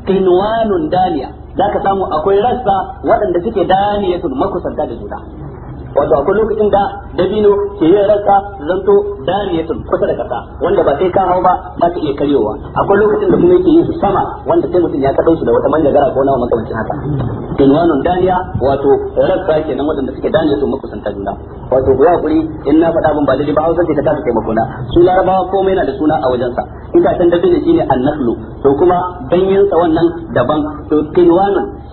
kinwanun daniya zaka samu akwai rassa waɗanda suke daniyatul makusanta da juna wato akwai lokacin da dabino ke yin rasa zanto daniyatun kusa da kasa wanda ba sai ka hau ba za ka iya karyowa akwai lokacin da kuma yake yin sama wanda sai mutum ya kaɗo su da wata manjagara ko nawa makamancin haka inwanun daniya wato rasa nan waɗanda suke daniyatun makusanta juna wato ku hakuri in na faɗa mun ba daidai ba hausa ce ta kasa taimako na su larabawa komai na da suna a wajensa itacen dabino shine annaslo to kuma ganyensa wannan daban to kinwanun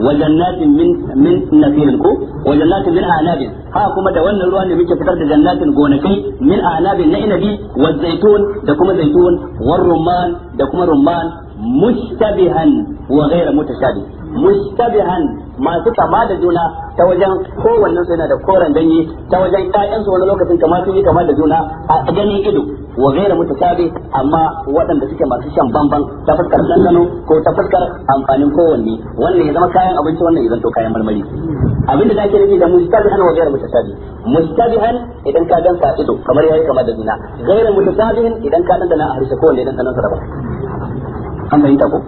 wa jannatin min min nasirin ko wa jannatin min anabin ha kuma da wannan ruwa ne muke fitar da jannatin gonakai min anabin na inabi wa zaitun da kuma zaitun wa da kuma rumman mushtabihan wa ghayra mutashabih mushtabihan masu kama da juna ta wajen kowannen su yana da koren ganye ta wajen ƴaƴan su wani lokacin kama sun yi kama da juna a ganin ido wa gaira mutatabi amma waɗanda suke masu shan bamban ta fuskar dandano ko ta fuskar amfanin kowanne wannan ya zama kayan abinci wannan ya zanto kayan marmari Abin da ake nufi da mustabihan wa gaira mutatabi an idan ka danka ido kamar yayi kama da juna gaira mutatabihin idan ka dandana a harshe kowanne dan sanan sa daban an fahimta ko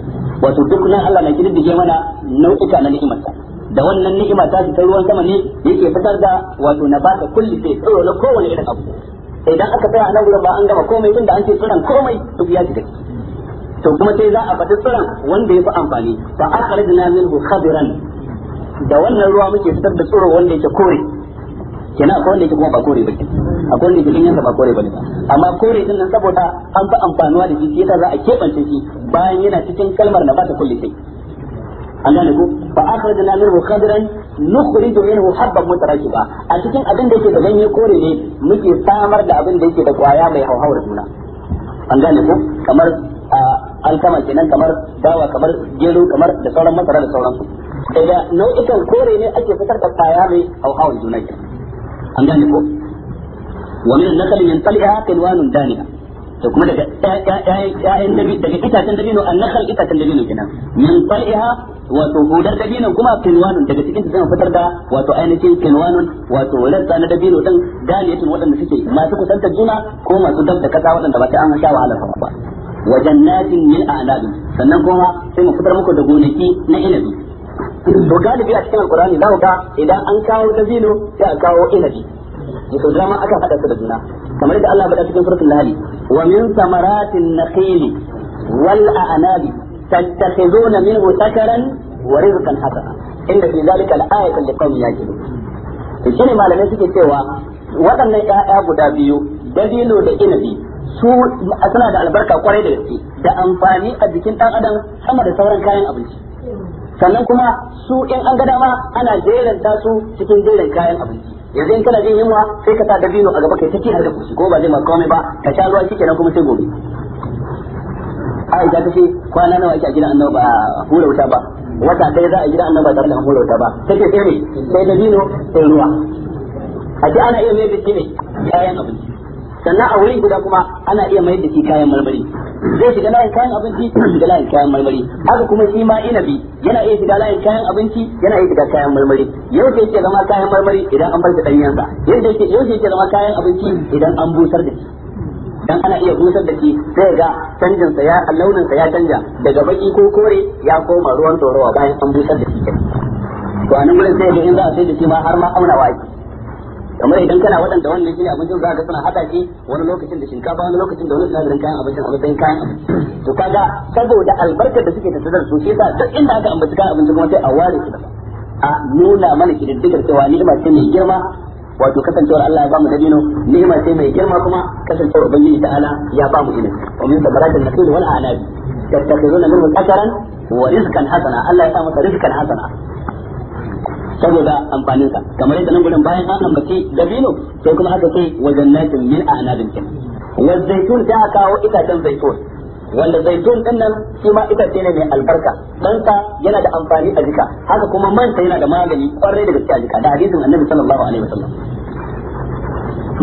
wato duk nan Allah na kididdige mana nau'ika na ni'imarsa da wannan ni'ima ta ta ruwan sama ne yake fitar da wato na baka kulli sai tsoro na kowane irin abu idan aka tsaya a nan gurin ba an gama komai tun da an ce tsiron komai duk ya ji to kuma sai za a faɗi tsiron wanda ya fi amfani fa akhrajna minhu khabiran da wannan ruwa muke fitar da tsoro wanda yake kore kenan akwai wanda yake kuma ba kore bane akwai wanda yake ganyen ba kore bane amma kore din nan saboda an fi amfanuwa da shi yasa za a kebance shi bayan yana cikin kalmar na ba ta kulli sai an gane ko fa akhrajna minhu khadran nukhrij minhu habban mutarakiba a cikin abin da yake da ganye kore ne muke samar da abin da yake da kwaya mai hauhawar juna an gane ko kamar alkama kenan kamar dawa kamar gero kamar da sauran masara da sauransu daga nau'ikan kore ne ake fitar da kwaya mai hauhawar juna kenan an gane ko wani wa min an-nakhl min wani qilwanun daniha to kuma daga ƴaƴan dabi daga itacen dabino an-nakhl itacen dabino kenan min tal'iha wato hudar dabino kuma qilwanun daga cikin zan fitar da wato ainihin qilwanun wato ladda na dabino din daniyatun waɗanda suke masu kusantar juna ko masu dab da kasa waɗanda ba sai an sha wahala ba wa jannatin min a'nabin sannan kuma sai mu fitar muku da gonaki na inabi to galibi a cikin alkurani za ga idan an kawo dabino ya a kawo inabi to dama aka hada su da juna kamar da Allah bada cikin suratul nahl wa min samaratin nakhili wal a'nabi tattakhizuna minhu sakaran wa rizqan hasana inda fi zalika al-ayatu liqaumin yaqilun to shine malamai suke cewa waɗannan ƴaƴa guda biyu dabino da inabi su suna da albarka kwarai da gaske da amfani a jikin ɗan adam sama da sauran kayan abinci sannan kuma su in an ga dama ana jeranta su cikin jeran kayan abinci yanzu in kana jin yunwa sai ka sa dabino a gaba kai ta ci har da kusi ko ba zai ma komai ba ka sha ruwa kike nan kuma sai gobe Aisha ta ce kwana nawa ake a gidan annabi ba a hura wuta ba wata ɗaya za a gidan annabi ba tare da hura wuta ba sai ne sai dabino sai ruwa a ji ana iya mai da shi ne kayan abinci sannan a wurin guda kuma ana iya mai da shi kayan marmari zai shiga layin kayan abinci shiga layin kayan marmari haka kuma shi ma inabi yana iya shiga layin kayan abinci yana iya shiga kayan marmari yau sai yake zama kayan marmari idan an bar da danyensa yau sai yake zama kayan abinci idan an busar da shi dan ana iya busar da shi sai ga canjin sa ya launin sa ya canja daga baki ko kore ya koma ruwan dorowa bayan an busar da shi to anan gurin sai ga in za a sai da shi ma har ma auna waki kamar idan kana waɗanda wannan shine abincin za ka suna haɗa shi wani lokacin da shinkafa wani lokacin da wani sinadarin kayan abincin abincin kayan to kaga saboda albarkar da suke tattare su shi ta duk inda aka ambaci kayan abincin kuma sai a ware su a nuna mana kididdigar cewa ni'ima ce mai girma wato kasancewar Allah ya bamu dabino ni'ima ce mai girma kuma kasancewar ubangiji ta'ala ya bamu ilimi wa min samaratin nakhil wal anabi tattakhizuna minhu akaran wa rizqan hasana Allah ya sa masa rizqan hasana saboda amfanin sa kamar yadda nan gurin bayan an ambaci dabino sai kuma haka ce wa jannatin min a'nabin kin wa zaitun da aka kawo itacen zaitun wanda zaitun din nan shi ma ce ne mai albarka dan sa yana da amfani a jika haka kuma man sa yana da magani kwarai da gaske a jika da hadisin annabi sallallahu alaihi wasallam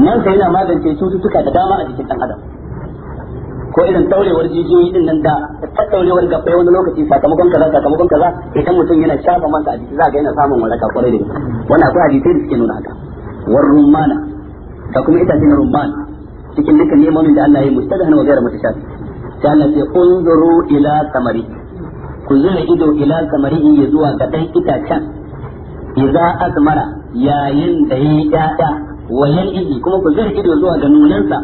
man sa yana magance cututtuka da dama a jikin dan adam ko irin taurewar jijiyoyi din nan da ta tattaurewar gabbai wani lokaci sakamakon kaza sakamakon kaza idan mutum yana shafa masa a jiki za ga yana samun waraka kwarai da wannan akwai hadisi da suke nuna haka war rumana da kuma ita cikin rumman cikin duka nemomin da Allah ya yi mustadahan wa gairar mutashafi sai Allah ya unzuru ila samari ku zura ido ila samari ya zuwa ga dan itacen idza asmara yayin da ya yi dada wayan ihi kuma ku zura ido zuwa ga nunansa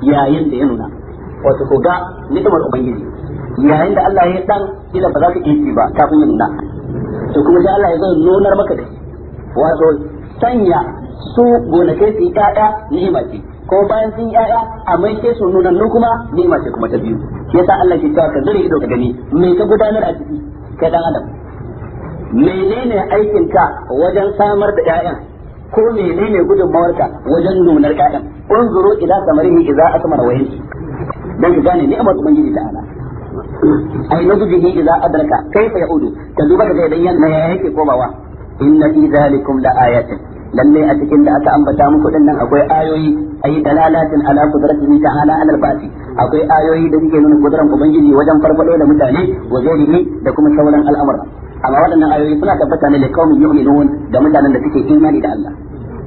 yayin da ya nuna wato ku ga ni'imar ubangiji yayin da Allah ya dan kila ba za ka yi ba kafin yin nuna, to kuma sai Allah ya zai nunar maka da wato sanya su gonakai su yi ni ni'ima ce ko bayan sun yi ƴaƴa a mai ke su nunannu kuma ni'ima ce kuma ta biyu yasa Allah ke cewa ka zure ido ka gani me ka gudanar a ciki ka dan adam menene ka wajen samar da ƴaƴan ko menene gudunmawarka wajen nunar ƴaƴan unzuru ila samarihi idza asmara wa yanti dan ka gane ni'amar ubangiji ta'ala ai na zubihi idza adraka kaifa yaudu ka duba ka ga idan yana ya yake komawa inna fi zalikum la ayatin lalle a cikin da aka ambata muku din nan akwai ayoyi ayi dalalatin ala qudratihi ta'ala ala al-ba'thi akwai ayoyi da suke nuna kudran ubangiji wajen farfado da mutane wa ghairihi da kuma sauran al'amura amma waɗannan ayoyi suna tabbata ne da kaumin yu'minun da mutanen da suke imani da Allah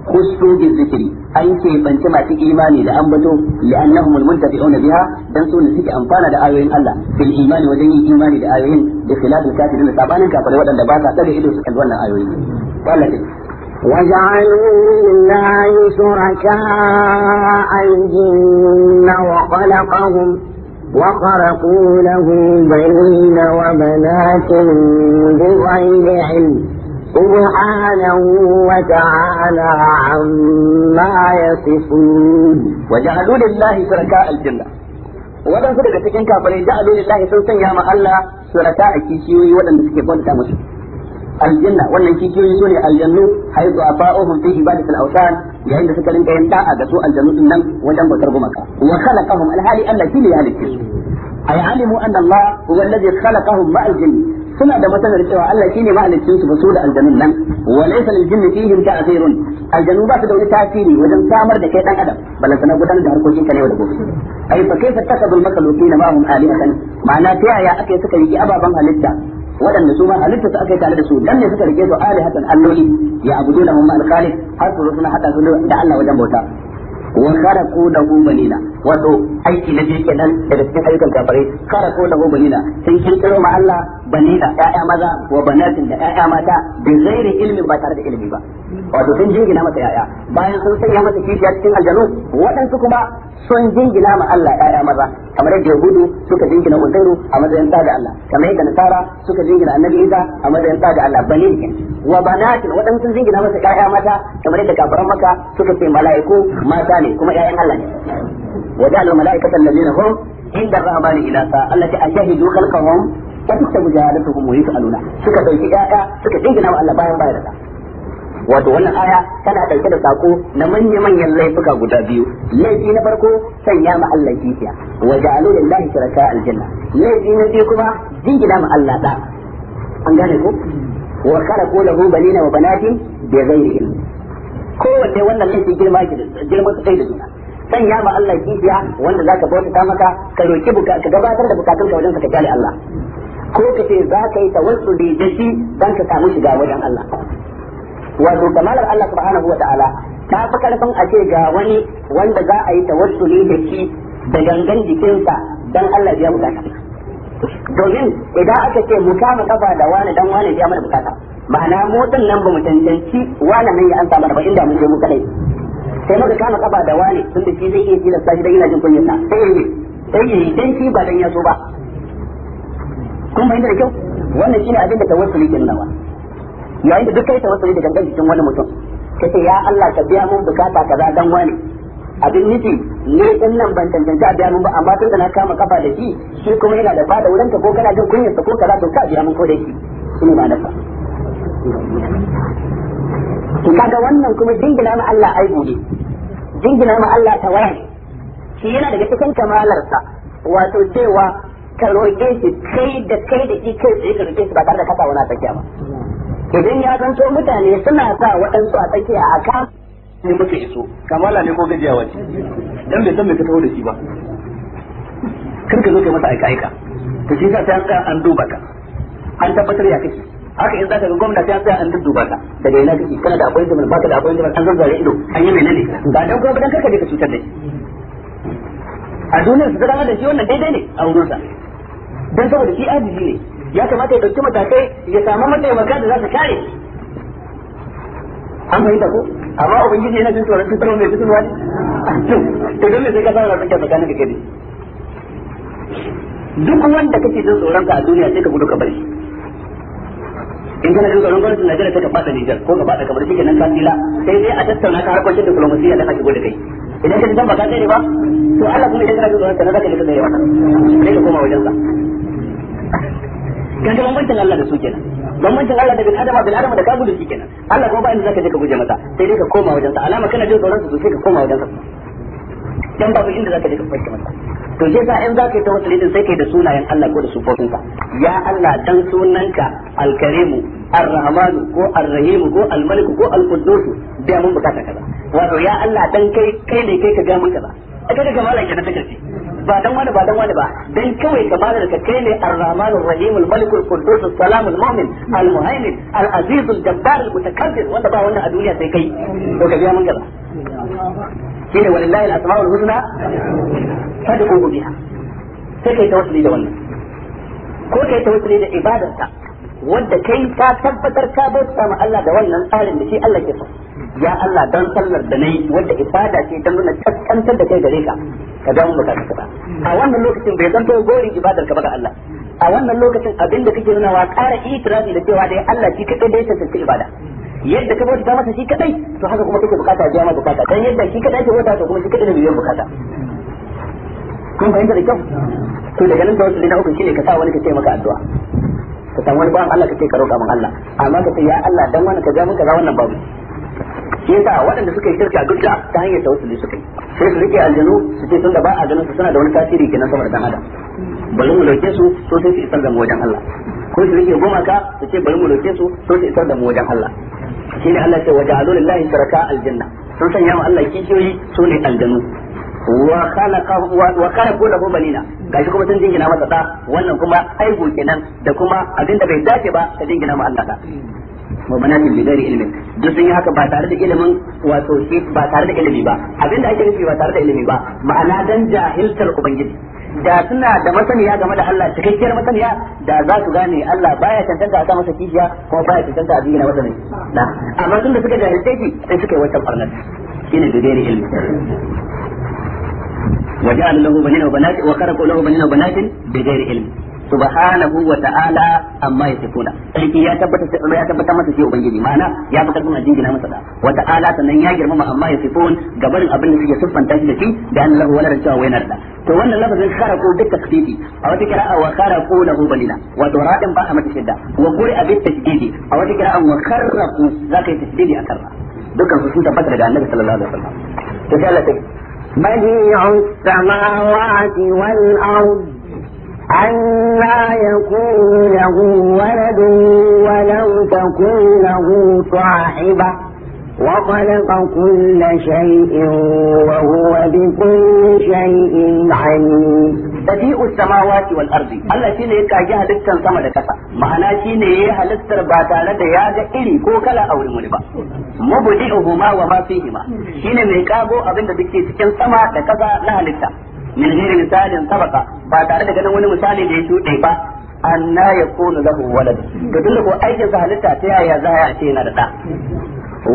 khusu bi zikri an masu imani da ambato li'annahum almuntafi'una biha dan don ne suke amfana da ayoyin Allah fil imani wajen yin imani da ayoyin da khilafin kafirin da sabanin kafirai ido su kalli wannan ayoyi wallahi وجعلوا لله شركاء الجن وخلقهم وخلقوا له بنين وبنات بغير علم سبحانه وتعالى عما يصفون وجعلوا لله شركاء الجنة waɗansu daga cikin kafirai da alillahi sun sanya ma Allah surata a kishiyoyi waɗanda suke bauta musu aljanna wannan kishiyoyi sune aljannu haizu afa'uhum fi ibadatil awsan yayin da suka rinka yin da'a ga su aljannu din nan wajen bautar gumaka wa khalaqahum alhali Allah shi ne ya halicce su ay alimu anna Allah huwa alladhi khalaqahum ma aljinn suna da matsalar cewa Allah shine mahalicin su su da aljanun nan wa laysa lil jinni fihim ta'thirun aljannu ba su da wani tasiri wajen samar da kai dan adam balan sana gudanar da harkokin ka ne da gobe ai fa kaifa takabul makhluqina ma hum alihatan ma'ana ta yaya aka suka yi ababan halitta waɗanda su ma halitta su aka yi tare da su dan ne suka rike su alihatan alloli ya abuduna hum al-khaliq har su suna hada su da Allah wajen bauta wa kharaqu lahu banina wato aiki na biyu kenan daga cikin ayyukan kafare kara ko lahu banina sun tsoro ma Allah banina ƴaƴa maza wa banatin da ƴaƴa mata bi ghairi ilmin ba tare da ilimi ba wato sun jingina masa ƴaƴa bayan sun sanya masa kishiya cikin aljanu waɗansu kuma sun jingina ma Allah ƴaƴa maza kamar yadda Yahudu suka jingina Uzairu a matsayin da Allah kamar yadda Nasara suka jingina Annabi Isa a matsayin da Allah banin wa banatin waɗansu sun jingina masa ƴaƴa mata kamar yadda kafiran Makka suka ce mala'iku mata ne kuma ƴaƴan Allah ne وجعل الملائكة الذين هم عند الرحمن إناثا التي أشهدوا خلقهم وتكتب شهادتهم ويسألون suka ɗauki ƴaƴa suka dingina wa Allah bayan bayan wato wannan aya tana ɗauke da sako na manya-manyan laifuka guda biyu laifi na farko sanya ma Allah kishiya wa ja'alu lillahi shiraka aljanna laifi na biyu kuma jingina ma Allah da an gane ko wa khalaqu lahu banina wa banatin bi ghairi ilm kowanne wannan laifi girma girma su kai da juna sanya ma Allah kishiya wanda zaka bauta maka ka roki buka ka gabatar da bukatun ka wajen ka kyale Allah ko ka ce za ka yi tawassul da shi dan ka samu shiga wajen Allah wato kamalar Allah subhanahu wa ta'ala ta fi karfin a ce ga wani wanda za a yi tawassul da shi da gangan jikinsa dan Allah ya buƙata domin idan aka ce mu kama kafa da wani dan wani ya mana bukata ma'ana mu nan ba mu tantanci wani nan ya an samu ba inda mun je mu kadai sai muka kama kafa da wani tun da shi zai iya tilasta shi dan yana jin kunyar sa sai yi sai yi dan shi ba dan ya so ba kun bayyana da kyau wannan shine abin da tawassuli ke nuna yayin da duk kai tawassuli da gangan cikin wani mutum kace ya Allah ka biya mun bukata kaza dan wani abin nufi ne din nan ban tantance a biya mun ba amma tun da na kama kafa da shi shi kuma yana da fada ka ko kana jin kunyar sa ko kaza to ka biya mun ko da shi shine na fa. kaga wannan kuma jingina ma Allah aibu ne jingina ma Allah ta ne shi yana daga cikin kamalarsa wato cewa ka roƙe shi kai da kai da kai tsaye ka roƙe shi ba tare da kasa wani a tsakiya ba idan ya zanto mutane suna sa waɗansu a tsakiya a kan ne muke iso kamala ne ko gajiyawa ce dan bai san me ka taho da shi ba kar ka zo kai masa aika aika to shi ka sai an duba ka an tabbatar ya kake haka in zaka ga gwamnati an tsaya an dudduba ka daga ina kake kana da appointment baka da appointment an zazzare ido an yi ne ga dan kuma dan karka da ka cutar da shi a duniyar su zama da shi wannan daidai ne a wurin sa dan saboda shi adiji ne ya kamata ya dauki matakai ya samu mataimaka da za su kare an fahimta ko amma ubangiji yana cin tsoron cutar mai wani to dole sai ka fara rabin da tsakanin ka kai duk wanda kake jin tsoron ka a duniya sai ka gudu ka bari in kana jin tsoron gwamnatin Najeriya ta gaba da Niger ko gaba da kamar shike nan ka tila sai dai a tattauna ka harkokin diplomasiya da ka shigo da kai idan ka dan baka ne ba to Allah kuma idan kana jin tsoron ka zaka je ka zai wannan sai ka koma wajen sa kaga bambancin Allah da su kenan bambancin Allah da bil adama bil adama da kabu da shi kenan Allah kuma ba inda zaka je ka guje masa sai dai ka koma wajen sa alama kana jin tsoron su sai ka koma wajen sa dan babu inda zaka je ka fahimta masa to je sa in zaka yi tawassuli din sai kai da sunayen Allah ko da sufofinka ya Allah dan sunanka alkarimu arrahmanu ko arrahimu ko almalik ko alquddus da mun bukata kaza wato ya Allah dan kai kai ne kai ka ga mun kaza kaga kamalan kenan take ce ba dan wani ba dan wani ba dan kawai ka kamalan ka kai ne ar-rahman ar-rahim al-malik al-quddus mumin al-muhaimin al-aziz al-jabbar al wanda ba wanda a duniya sai kai to ka ga mun kaza shine walillahi al-asma'ul husna fad'uhu biha sai kai tawassuli da wannan ko kai tawassuli da ibadarka wanda kai ka tabbatar ka bauta ma Allah da wannan tsarin da shi Allah ke so ya Allah dan sallar da nayi wanda ibada ce dan nuna kaskantar da kai gare ka ka ga mun baka ba a wannan lokacin bai zanto gorin ibadar ka ba ga Allah a wannan lokacin abinda kake nuna wa ƙara itirafi da cewa dai Allah shi kadai da ya tantance ibada yadda ka bauta masa shi kadai to haka kuma kake bukata biya ma bukata dan yadda shi kadai ke bauta to kuma shi kadai ne biyan bukata kun fahimta da kyau to daga nan da wasu na hukunci ne ka sa wani ka ce maka addu'a ka san wani bayan Allah ka ce ka roƙa min Allah amma ka ce ya Allah dan wani ka ga min kaza wannan babu shi yasa waɗanda suka yi shirka duk da ta hanyar tawassuli suka yi sai su rike aljanu su ce tunda ba a ganin su suna da wani tasiri kenan sama da dan adam bari mu dauke su to sai su isar da mu wajen Allah ko su rike ka su ce bari mu dauke su so su isar da mu wajen Allah shine Allah ya ce waja'alu lillahi shuraka aljanna sun sanya wa Allah kishiyoyi ne aljanu wa khalaqa wa khalaqa lahu banina gashi kuma sun jingina masa da wannan kuma aibu kenan da kuma abin da bai dace ba ka jingina ma Allah da wa banatin bidari ilmin duk sun yi haka ba tare da ilimin wato shi ba tare da ilimi ba abin da ake nufi ba tare da ilimi ba ma'ana dan jahiltar ubangiji da suna da masaniya game da Allah cikakkiyar masaniya da za su gane Allah baya cancanta a masa kishiya kuma baya cancanta a biyu na masani amma sun da suka da shi sai suka yi wata farnar shine da dare ilmi وجعل wa بنين lahu وخرقوا له banatin وبنات بغير ilmi subhanahu wa ta'ala amma ya fituna sarki ya tabbata ya tabbata masa shi ubangiji ma'ana ya fi karfin ajingina masa da wa ta'ala sannan ya girmama amma ya abin da suke siffanta shi da shi da an lahu wala cewa wai narda to wannan lafazin kharaqu bi takfifi a wata kira'a wa kharaqu lahu balila ba a mata shidda wa qur'a bi tasdidi a wata kira'a wa kharaqu zaka yi tasdidi a karra dukkan su sun tabbata daga annabi sallallahu alaihi wasallam to sai Allah ta samawati wal ard أنا يكون له ولد ولم تكن له صاحبة وخلق كل شيء وهو بكل شيء عليم tafi'u samawati wal ardi Allah shine ya kage halittar sama da kasa ma'ana shine ya halittar ba tare da ya ga iri ko kala a wurin wani ba mubdi'uhuma wa ma fihima shine mai kago abinda da cikin sama da kasa na halitta من غير misalin sabaka ba tare da ganin wani misali da ya shuɗe ba anna yakunu lahu walad to tunda ko aikin sa halitta ta yaya za a ce da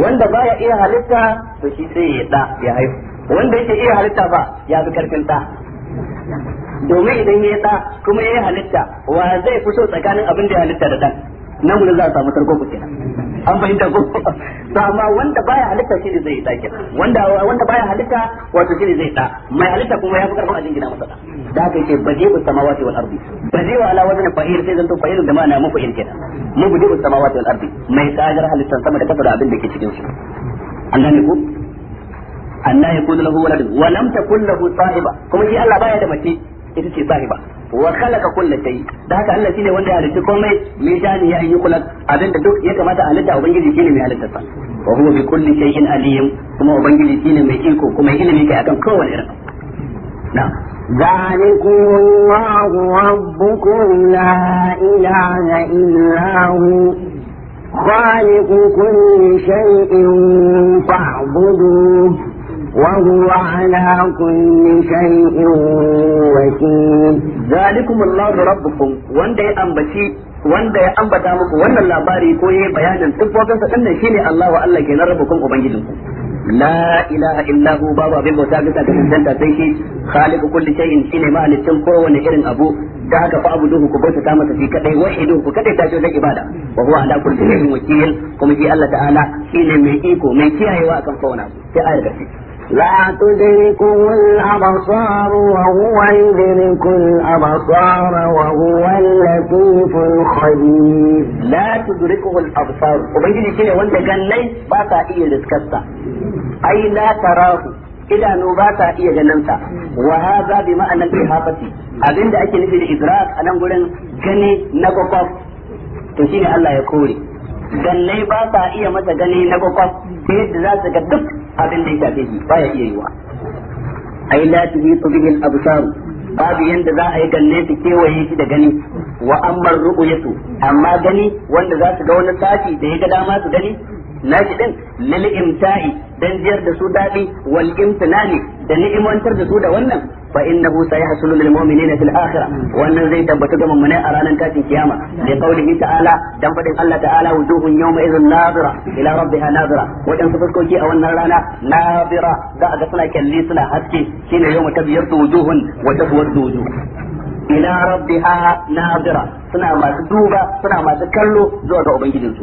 wanda iya halitta to shi sai ya da ya haihu wanda yake iya halitta ba ya fi karfin domin idan ya da kuma ya yi halitta wa zai fito tsakanin abin da ya halitta da dan nan gudu za a samu tarko kenan an fahimta ko to amma wanda baya halitta shi ne zai wanda wanda baya halitta wato shi ne zai da mai halitta kuma ya fi karfin ajin gina masa da da haka yake baje us samawati wal ardi baje wa ala wajhi fa'il sai zanto fa'il da ma'ana mu fa'il kenan mu wal ardi mai tsagar sama da kasa da abin da ke cikin su lahu wa lam takul lahu sahiba kuma shi Allah baya da mace ita ce sahiba wa khalaqa kulla shay da haka Allah shine wanda ya halitta komai me shani ya yi abin da duk ya kamata a halitta ubangiji shine mai halitta sa wa huwa bi kulli shay'in alim kuma ubangiji shine mai iko kuma ilimi kai akan kowane irin na'am ذلكم الله ربكم لا إله إلا هو خالق كل شيء فاعبدوه وهو على كل شيء وكيل ذلكم الله ربكم wanda ya ambaci wanda ya ambata muku wannan labari ko yayi bayanin sifofinsa din shine Allah wa Allah kenan rabbukum ubangijinku la ilaha illa hu babu abin bauta bisa ga cancanta sai shi khaliqu kulli shay'in shine mahalicin kowane irin abu da haka fa abuduhu ku bauta ta masa shi kadai wahiduhu ku kadai tashi wajen ibada wa huwa ala kulli shay'in wakil kuma Allah shine mai iko mai sai لا تدركه الأبصار وهو يدرك الأبصار وهو اللطيف الخبير لا تدركه الأبصار وبنجي كده وانت كان لي باتا إيه لسكتا أي لا تراه إذا نباتا إيه جنمتا وهذا بمعنى الإحاطة أبين ده أكي نفي الإدراك أنا نقول جني نقف تشيني الله يقولي gannai ba sa iya masa gani na kwakwaf ta yadda za su ga duk abin da ya shafe baya iya yiwa ai la tuhitu bihi al-absar babu yadda za a yi ganne su kewaye shi da gani wa amma ru'yatu amma gani wanda za su ga wani sati da ya ga dama su gani naki din lil imta'i dan jiyar da su dadi wal imtinani da ni'imantar da su da wannan fa innahu sayahsulu lil mu'minina fil akhirah wannan zai tabbata ga mummune a ranar tashin kiyama da qaulihi ta'ala dan fadin Allah ta'ala wujuhun yawma idhin nadira ila rabbiha nadira wadan fuskoki a wannan rana nadira da ga suna kalli suna haske shine yawma tabyartu wujuhun wa tabwartu wujuh ila rabbiha nadira suna masu duba suna masu kallo zuwa ga ubangijinsu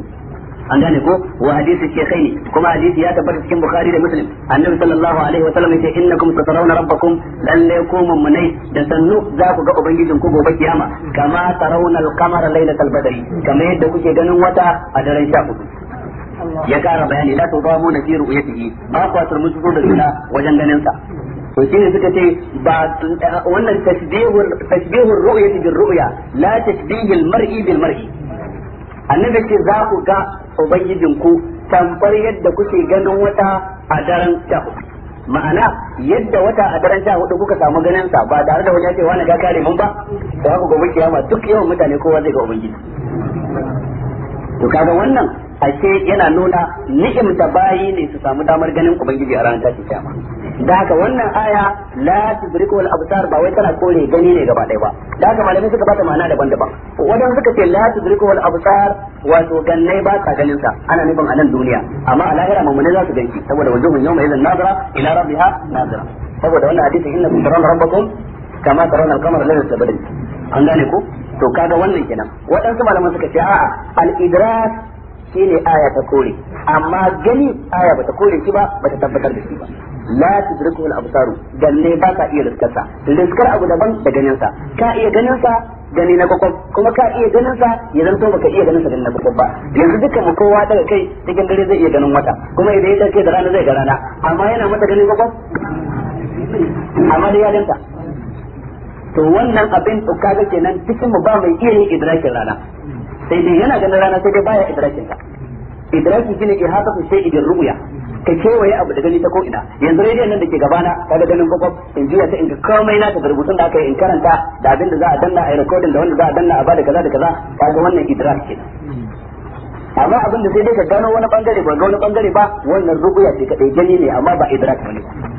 an gane ko wa hadisi ne kuma hadisi ya tabbata cikin bukhari da muslim annabi sallallahu alaihi wa sallam yace innakum satarawna rabbakum lalle ku mummunai da sannu za ku ga ubangijin ku gobe kiyama kama tarawna al-qamara lailatal badri kama yadda kuke ganin wata a daren sha 14 ya kara bayani la tudamuna fi ru'yatihi ba ku asar musu da juna wajen ganin sa to shi ne suka ce ba eh, wannan tashbihur tashbihur ru'yati bir ru'ya la tashbihul mar'i bil mar'i annabi ce za ku ga ubangijinku tamfar yadda kuke ganin wata a daren sha ma'ana yadda wata a daren sha hudu kuka samu ganin sa ba tare da wani ya ce wani ga kare mun ba to haka gobe kiyama duk yawan mutane kowa zai ga ubangiji to kaga wannan ashe yana nuna ni'imta bayi ne su samu damar ganin ubangiji a ranar tashi kiyama da haka wannan aya la tudriku al absar ba wai tana kore gani ne gaba ɗaya ba da haka malamai suka bata ma'ana daban-daban wadan suka ce la tudriku al absar wato gannai ba ta ganin sa ana nufin a nan duniya amma a lahira mamune za su ganki saboda wajuhun yawma idan nazara ila rabbiha nazara saboda wannan hadisin innakum tarawna rabbakum kama tarawna al-qamara laysa sabadin an gane ko to kaga wannan kenan Wadansu malaman suka ce a'a al-idrak shine aya ta kore amma gani aya bata kore shi ba bata tabbatar da shi ba la tudriku al-absaru dalle ba ka iya riskarsa riskar abu daban da ganin sa ka iya ganin sa gani na kokon kuma ka iya ganin sa ya zanto baka iya ganin sa gani na kwakwam ba yanzu dukkan mu kowa daga kai cikin dare zai iya ganin wata kuma idan ya dace da rana zai ga rana amma yana mata ganin kokon amma da ya ganta to wannan abin kaga kenan cikin mu ba mai iya yin idrakin rana sai dai yana ganin rana sai dai baya idrakin ta idraki shine ke su sai idan ru'ya ka kewaye abu da gani ta ko ina yanzu rediyon nan da ke gabana kaga ganin kwakwaf in jiya ta in ga komai na ta da rubutun da aka yi in karanta da abin da za a danna a yi rikodin da wanda za a danna a bada kaza da kaza ga wannan idrak ke amma abin da zai dai ka gano wani bangare ba ga wani bangare ba wannan rubuya ce kaɗai gani ne amma ba idrak ne.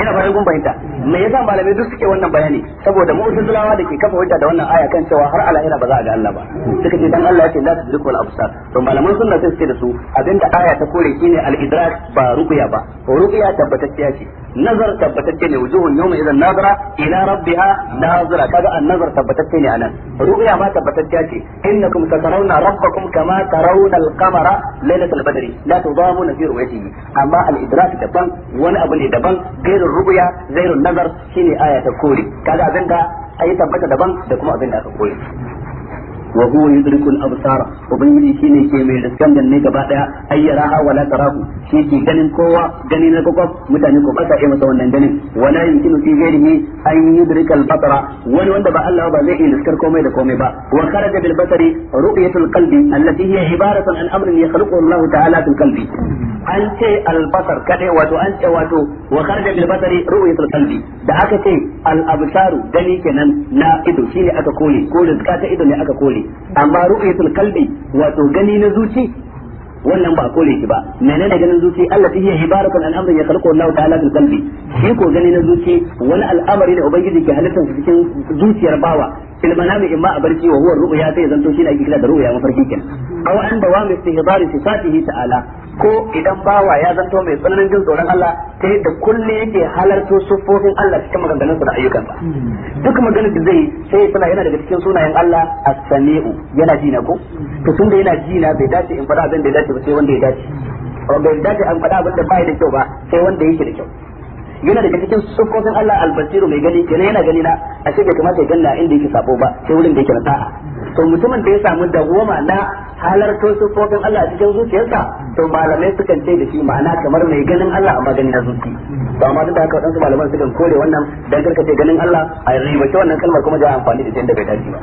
ina bayan kun fahimta me yasa malamai duk suke wannan bayani saboda mu'tazilawa da ke kafa hujja da wannan aya kan cewa har alahira ba za a ga Allah ba suka ce dan Allah yake la tudriku al absar to malaman sunna sai suke da su abinda aya ta kore shine al idrak ba ruqya ba ruqya tabbatacciya ce nazar tabbatacce ne wujuhun yawma idan nazara ila rabbiha nazira kaga an nazar tabbatacce ne anan ruqya ma tabbatacciya ce innakum satarawna rabbakum kama tarawna al qamara lailatul badri la tudamuna fi ru'yatihi amma al idrak daban wani abu ne daban gairu zairun rubuya zairun nazar shine aya ta kore kaga abinda ayi tabbata daban da kuma abin aka kore wa huwa yudriku al-absara ubangiji shine ke mai riskan ne gaba daya ayyaraha wala tarahu shi ke ganin kowa gani na kokon mutane ko ba sa iya masa wannan ganin wala yumkinu fi ghairihi an yudrika al-basara wani wanda ba Allah ba zai iya riskar komai da komai ba wa kharaja bil basari ru'yatu al-qalbi allati hiya ibaratan an amrin yakhluquhu Allah ta'ala fil qalbi an ce al-basar kadai wato an ce wato wa kharaja bil basari ru'yatu al-qalbi da aka ce al-absaru gani kenan na ido shine aka kore ko rizqa ta ido ne aka kore amma ru'yatul qalbi wato gani na zuci wannan ba kore shi ba menene ganin zuci Allah ta ya hibara an amrin ya khalqu Allah ta'ala bil qalbi shi ko gani na zuci wani al'amari da ubangiji ke halittar su cikin zuciyar bawa fil manami imma a barci wa huwa ru'ya sai zanto shi ne ake kira da ru'ya mafarki kenan aw an dawami istihdari sifatihi ta'ala ko idan bawa ya zanto mai tsananin jin tsoron Allah ta yadda kulle yake halarto sufofin Allah cikin su da ayyukansa duk maganar da zai sai suna yana daga cikin sunayen Allah as-sami'u yana jina ko to tunda yana jina bai dace in faɗa abin da ya dace ba sai wanda ya dace bai dace an faɗa abin da bai da kyau ba sai wanda yake da kyau yana daga cikin sufofin Allah al-basiru mai gani kenan yana gani na ashe bai kamata ya ganna inda yake sabo ba sai wurin da yake na sa'a to mutumin da ya samu dawoma na halarto sufofin Allah a cikin zuciyarsa to malamai sukan ce da shi ma'ana kamar mai ganin Allah amma ganin zuci to amma duk da haka wadansu malaman sukan kore wannan dan karkace ganin Allah a ribace wannan kalmar kuma da amfani da ta da bai dace ba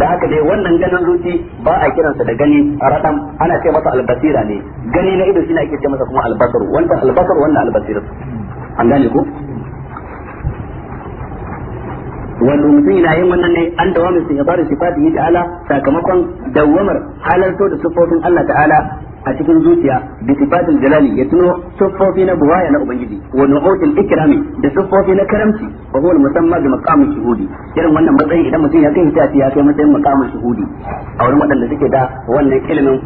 da haka dai wannan ganin zuci ba a kiransa da gani a radam ana ce masa albasira ne gani na ido shi ne ake ce masa kuma albasaru wannan albasaru wannan albasirar an gane ko wanda mutum yana yin wannan ne an dawamin sun yabaru sifatihi ala sakamakon dawamar halarto da sufofin Allah ta'ala a cikin zuciya bi jalali ya tuno sufofi na buwaya na ubangiji wa nu'util ikrami da sufofi na karamci wa huwa musamma bi maqamin shuhudi irin wannan matsayin idan mutum ya kai ta ya kai matsayin maqamin shuhudi a wurin wadanda suke da wannan ilimin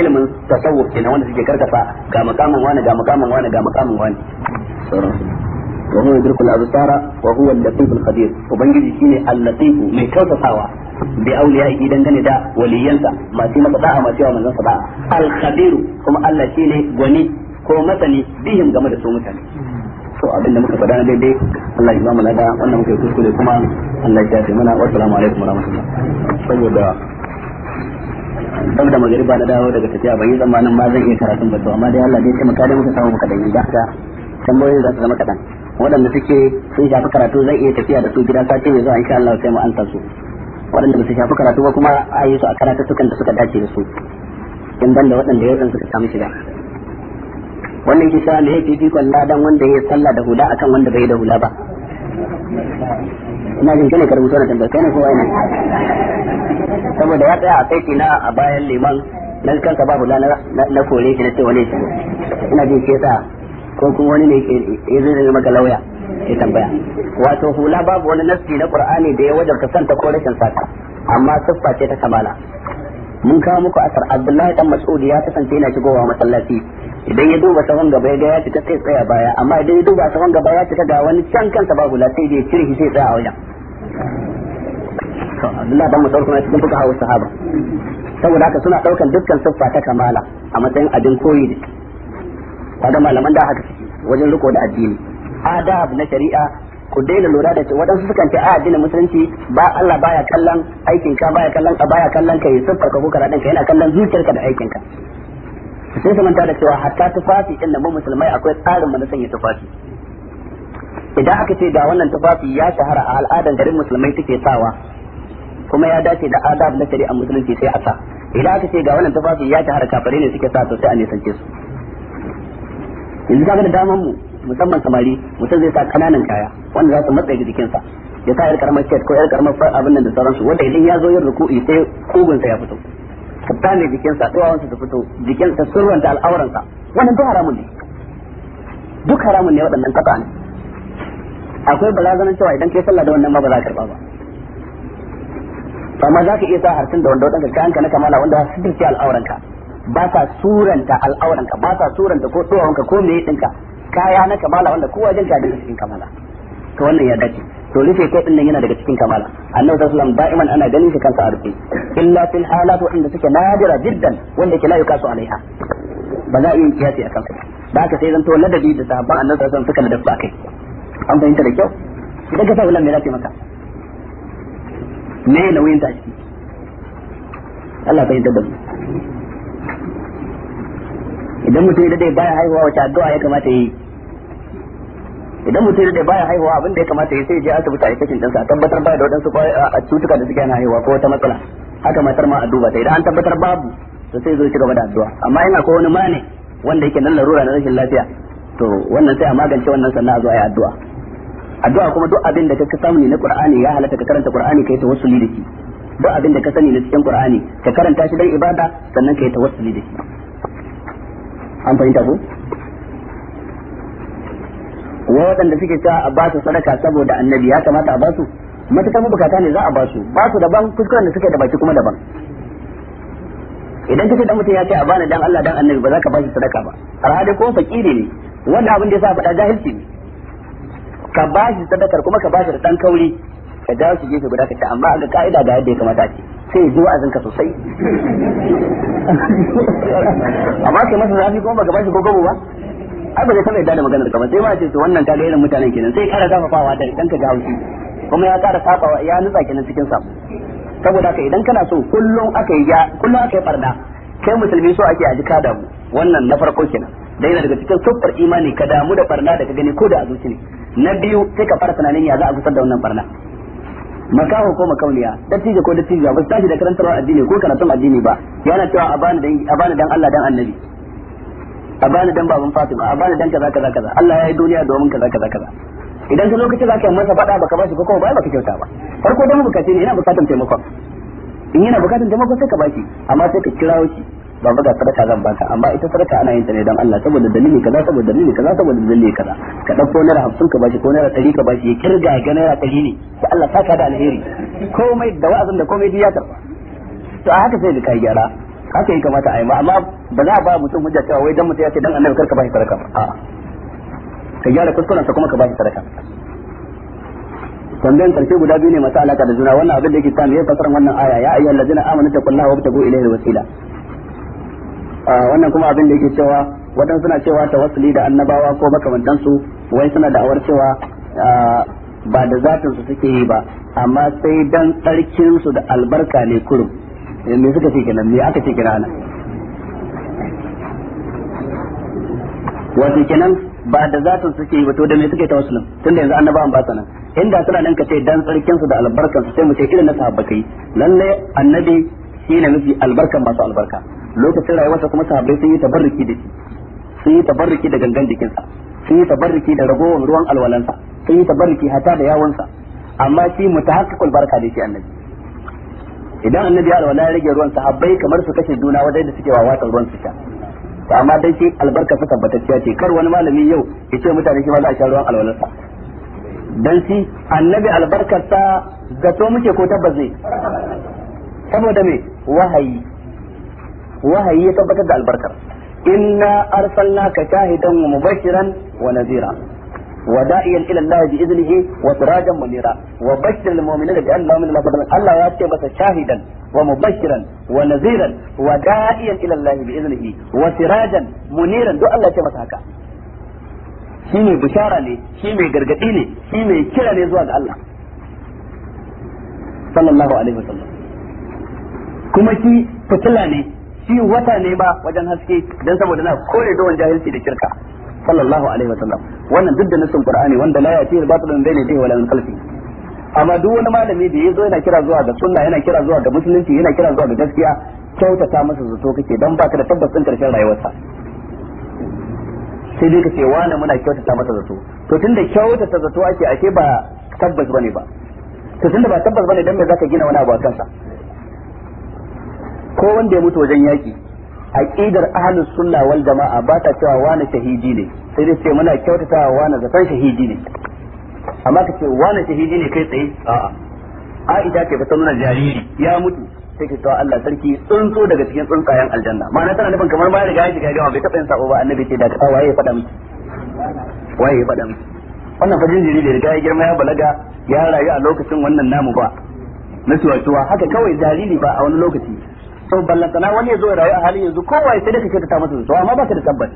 ilimin tasawuf kenan wanda suke karkasa ga maqamin wani ga maqamin wani ga maqamin wani wa يدرك الأبصار وهو wa huwa وبنجد latiful اللطيف ubangiji shine al-latif mai kautatawa bi awliyaihi dangane da waliyansa ما masa من masu yawa manzon sa al-khabir مثلي بهم جمد ko masani bihim game da su mutane to abinda muka faɗa na daidai Allah ya mu lada wannan muka yi kuskure kuma da magariba na dawo daga tafiya ban zamanin ma zan iya karatun ba to dai Allah dai taimaka muka samu muka da tambayoyi za su zama kadan waɗanda suke sun shafi karatu zai iya tafiya da su gida sati mai zuwa insha Allah sai mu anta su waɗanda ba su shafi karatu ba kuma a yi su a karatattukan da suka dace da su in ban da waɗanda yau suka samu shiga wannan shi sa mai fifikon ladan wanda ya sallah da hula akan wanda bai da hula ba ina jin kane karbuto na tambaye kai ne kowa ne saboda ya tsaya a saiti na a bayan liman nan kansa ba hula na kore shi na ce wani ina jin ke sa ko kuma wani ne ya zai maka lauya ya tambaya wato hula babu wani nassi na qur'ani da ya wajabta santa ko rashin sata amma siffa ce ta kamala mun kawo muku asar abdullahi dan mas'udi ya kasance yana shigowa masallaci idan ya duba sahun gaba ya ga ya fita sai tsaya baya amma idan ya duba sahun gaba ya fita ga wani can kansa babu la sai dai kirhi sai tsaya a wajen Abdullahi dan mas'udi kuma cikin fuka hawa sahaba saboda haka suna daukan dukkan siffa ta kamala a matsayin abin koyi kaga malaman da haka suke wajen riko da addini adab na shari'a ku daina lura da cewa wadansu sukan ce a addinin musulunci ba Allah baya kallon aikin ka baya kallon ka baya kallon ka yusuf ka ko karatun ka yana kallon zuciyarka da aikin ka sai su manta da cewa hatta tufafi din nan musulmai akwai tsarin mu na sanya tufafi idan aka ce ga wannan tufafi ya shahara a al'adar garin musulmai take sawa kuma ya dace da adab na shari'a musulunci sai a sa idan aka ce ga wannan tufafi ya shahara kafare ne suke sa to sai a nisance su yanzu kaga da daman mu musamman samari mutum zai sa kananan kaya wanda za su matsa ga jikinsa ya sa yar karamar ket ko yar karamar abin nan da sauransu wanda idan ya zo yin ruku'i sai kugunsa ya fito hatta ne jikinsa tsawawansa ta fito jikinsa surranta al'auransa wannan duk haramun ne duk haramun ne waɗannan kafa ne akwai barazanar cewa idan kai sallah da wannan ma ba za ka karba ba amma za ka iya sa harsin da wanda waɗanda kayanka na kamala wanda su dirce al'auranka ba sa suranta al'auranka ba sa suranta ko tsohonka ko meye ɗinka kaya na kamala wanda kowa jin ka daga cikin kamala to wannan ya dace to rufe ko din nan yana daga cikin kamala annabi sallallahu alaihi ba'iman ana ganin shi kansa a rufe illa fil halat inda suke nadira jiddan wanda ke layuka su alaiha ba za a yi kiyasi a kansa ba ka sai zan to ladabi da sahabban annabi sallallahu alaihi wasallam suka ladabta kai. an fahimta da kyau idan ka sa ulan me za ta maka me nauyin ta ciki Allah fahimta da mu idan mutum da dai baya haihuwa wace addu'a ya kamata yi idan mutum da baya haihuwa abin da ya kamata yi sai je asibiti a yi kashin a tabbatar ba da waɗansu cutuka da suke na haihuwa ko wata matsala haka matar ma a duba ta idan an tabbatar babu to sai zo ci gaba da addu'a amma in ko wani mane wanda yake nan larura na rashin lafiya to wannan sai a magance wannan sannan a zo a yi addu'a addu'a kuma duk abin da ka samu ne na Qur'ani ya halatta ka karanta Qur'ani kai ta wasu shi duk abin da ka sani na cikin Qur'ani ka karanta shi dan ibada sannan kai ta da shi an fahimta ko waɗanda suke cewa a ba su sadaka saboda annabi ya kamata a ba su mu bukata ne za a ba su ba su daban kuskuren da suke da baki kuma daban idan kace dan mutum ya ce a bani dan Allah dan annabi ba za ka ba shi sadaka ba alhali ko fakiri ne wanda abin da yasa faɗa jahilci ne ka ba shi sadakar kuma ka ba shi da dan kauri ka dawo shi gefe guda ka ta amma a ga ka'ida ga yadda ya kamata ce sai ji wa'azin ka sosai ba kai masa zafi kuma baka bashi gogobo ba ai ba zai taba yadda da maganar kamar sai ma ce to wannan kaga irin mutanen kenan sai kara zafafawa da dan ka ga haushi kuma ya kara safawa ya nutsa kenan cikin sa saboda haka idan kana so kullum aka yi kullum aka yi farda kai musulmi so ake a jika damu wannan na farko kenan da yana daga cikin siffar imani ka damu da farda da ka gani ko da a zuci ne na biyu sai ka fara tunanin ya za a gusar da wannan farda. makaho ko makauniya dattijo ko dattijo ba tashi da karantar addini ko karatun addini ba yana cewa a bani dan Allah dan annabi a bani dan baban Fatima a bani dan kaza kaza kaza Allah ya yi duniya domin kaza kaza kaza idan ka lokaci zaka yi masa fada baka bashi ko kuma ba baka kyauta ba farko dan bukace ne yana bukatan taimakon in yana bukatan taimakon sai ka bashi amma sai ka kirawo shi ba ba da sadaka zan baka amma ita sadaka ana yin ta ne dan Allah saboda dalili kaza saboda dalili kaza saboda dalili kaza ka dauko naira 50 ka bashi ko naira 100 ka bashi ya kirga ga naira 100 ne ko Allah saka da alheri komai da wa'azin da komai biya karba to a haka sai da kai gyara haka yi kamata a yi ma amma ba za a ba mutum hujja cewa wai dan mutum ya ce dan annabi karka bashi sadaka a ka gyara kuskuren sa kuma ka bashi sadaka tambayan karshe guda biyu ne masu alaka da juna wannan abin da yake kan ya fasara wannan aya ya ayyuhal ladina amanu taqullaha wa tabtagu ilayhi wasila wannan kuma abin da yake cewa wadan suna cewa tawassuli da annabawa ko makamantan su wai suna da awar cewa ba da zatin su suke yi ba amma sai dan tsarkin su da albarka ne kurum eh, me suka ce kenan me aka ce kenan wato kenan ba da zatin suke yi ba to da me suke tawassulin da yanzu annabawan ba sanan inda suna nan ka ce dan tsarkin su da albarkan su sai mu ce irin na sahabbai lalle annabi shine mafi albarkan masu albarka lokacin rayuwarsa kuma sahabbai sun yi tabarruki da shi sun yi tabarruki da gangan jikinsa sun yi tabarruki da ragowar ruwan alwalansa sun yi tabarruki hata da yawansa amma shi mutahaqqiqul baraka da shi annabi idan annabi ya alwala ya rage ruwan sahabbai kamar su kashe juna wajen da suke wawatan ruwan su sha to amma dai shi albarka sa tabbatacciya ce kar wani malami yau ya ce mutane shi ma za a sha ruwan alwalansa. dan shi annabi albarkarsa zato muke ko tabbaze saboda me wahayi wahayi ya tabbatar da albarkar inna arsalnaka shahidan wa mubashiran wa nadhira وداعيا الى الله باذنه وسراجا منيرا وبشر المؤمنين بان لهم من فضل الله ياتي بس شاهدا ومبشرا ونذيرا bi الى الله باذنه وسراجا منيرا دو الله ce masa haka. shi mai bishara ne shi mai gargadi ne shi mai kira ne zuwa ga Allah sallallahu alaihi wasallam kuma shi fitila ne shi wata ne ba wajen haske don saboda na kore doon jahilci da shirka sallallahu alaihi wa sallam wannan duk da nasin qur'ani wanda la yati al-batilun bayna yadayhi wa min khalfihi amma duk wani malami da yazo yana kira zuwa ga sunna yana kira zuwa ga musulunci yana kira zuwa ga gaskiya kyautata masa zato kake dan baka da tabbas din karshen rayuwarsa sai dai kace wani muna kyautata masa zato to tunda kyautata zato ake ake ba tabbas bane ba to tunda ba tabbas bane dan me zaka gina wani abu a kansa ko wanda ya mutu wajen yaki aqidar ahlus sunna wal jama'a ba ta cewa wani shahidi ne sai dai ce muna wa wani zaton shahidi ne amma ka ce wani shahidi ne kai tsaye a'a Aisha ce ba ta nuna jariri ya mutu sai ka cewa Allah sarki tsuntsu daga cikin tsuntsayen aljanna ma'ana tana nufin kamar ma riga ya shiga gawa bai taɓa yin sako ba annabi ce da ka waye ya faɗa miki waye ya faɗa miki wannan fa jinjiri da riga ya girma ya balaga ya rayu a lokacin wannan namu ba na cewa haka kawai jariri ba a wani lokaci to ballantana wani ya zo ya rayu a halin yanzu kowa sai da ka kyautata masa zato amma ba ka da tabbas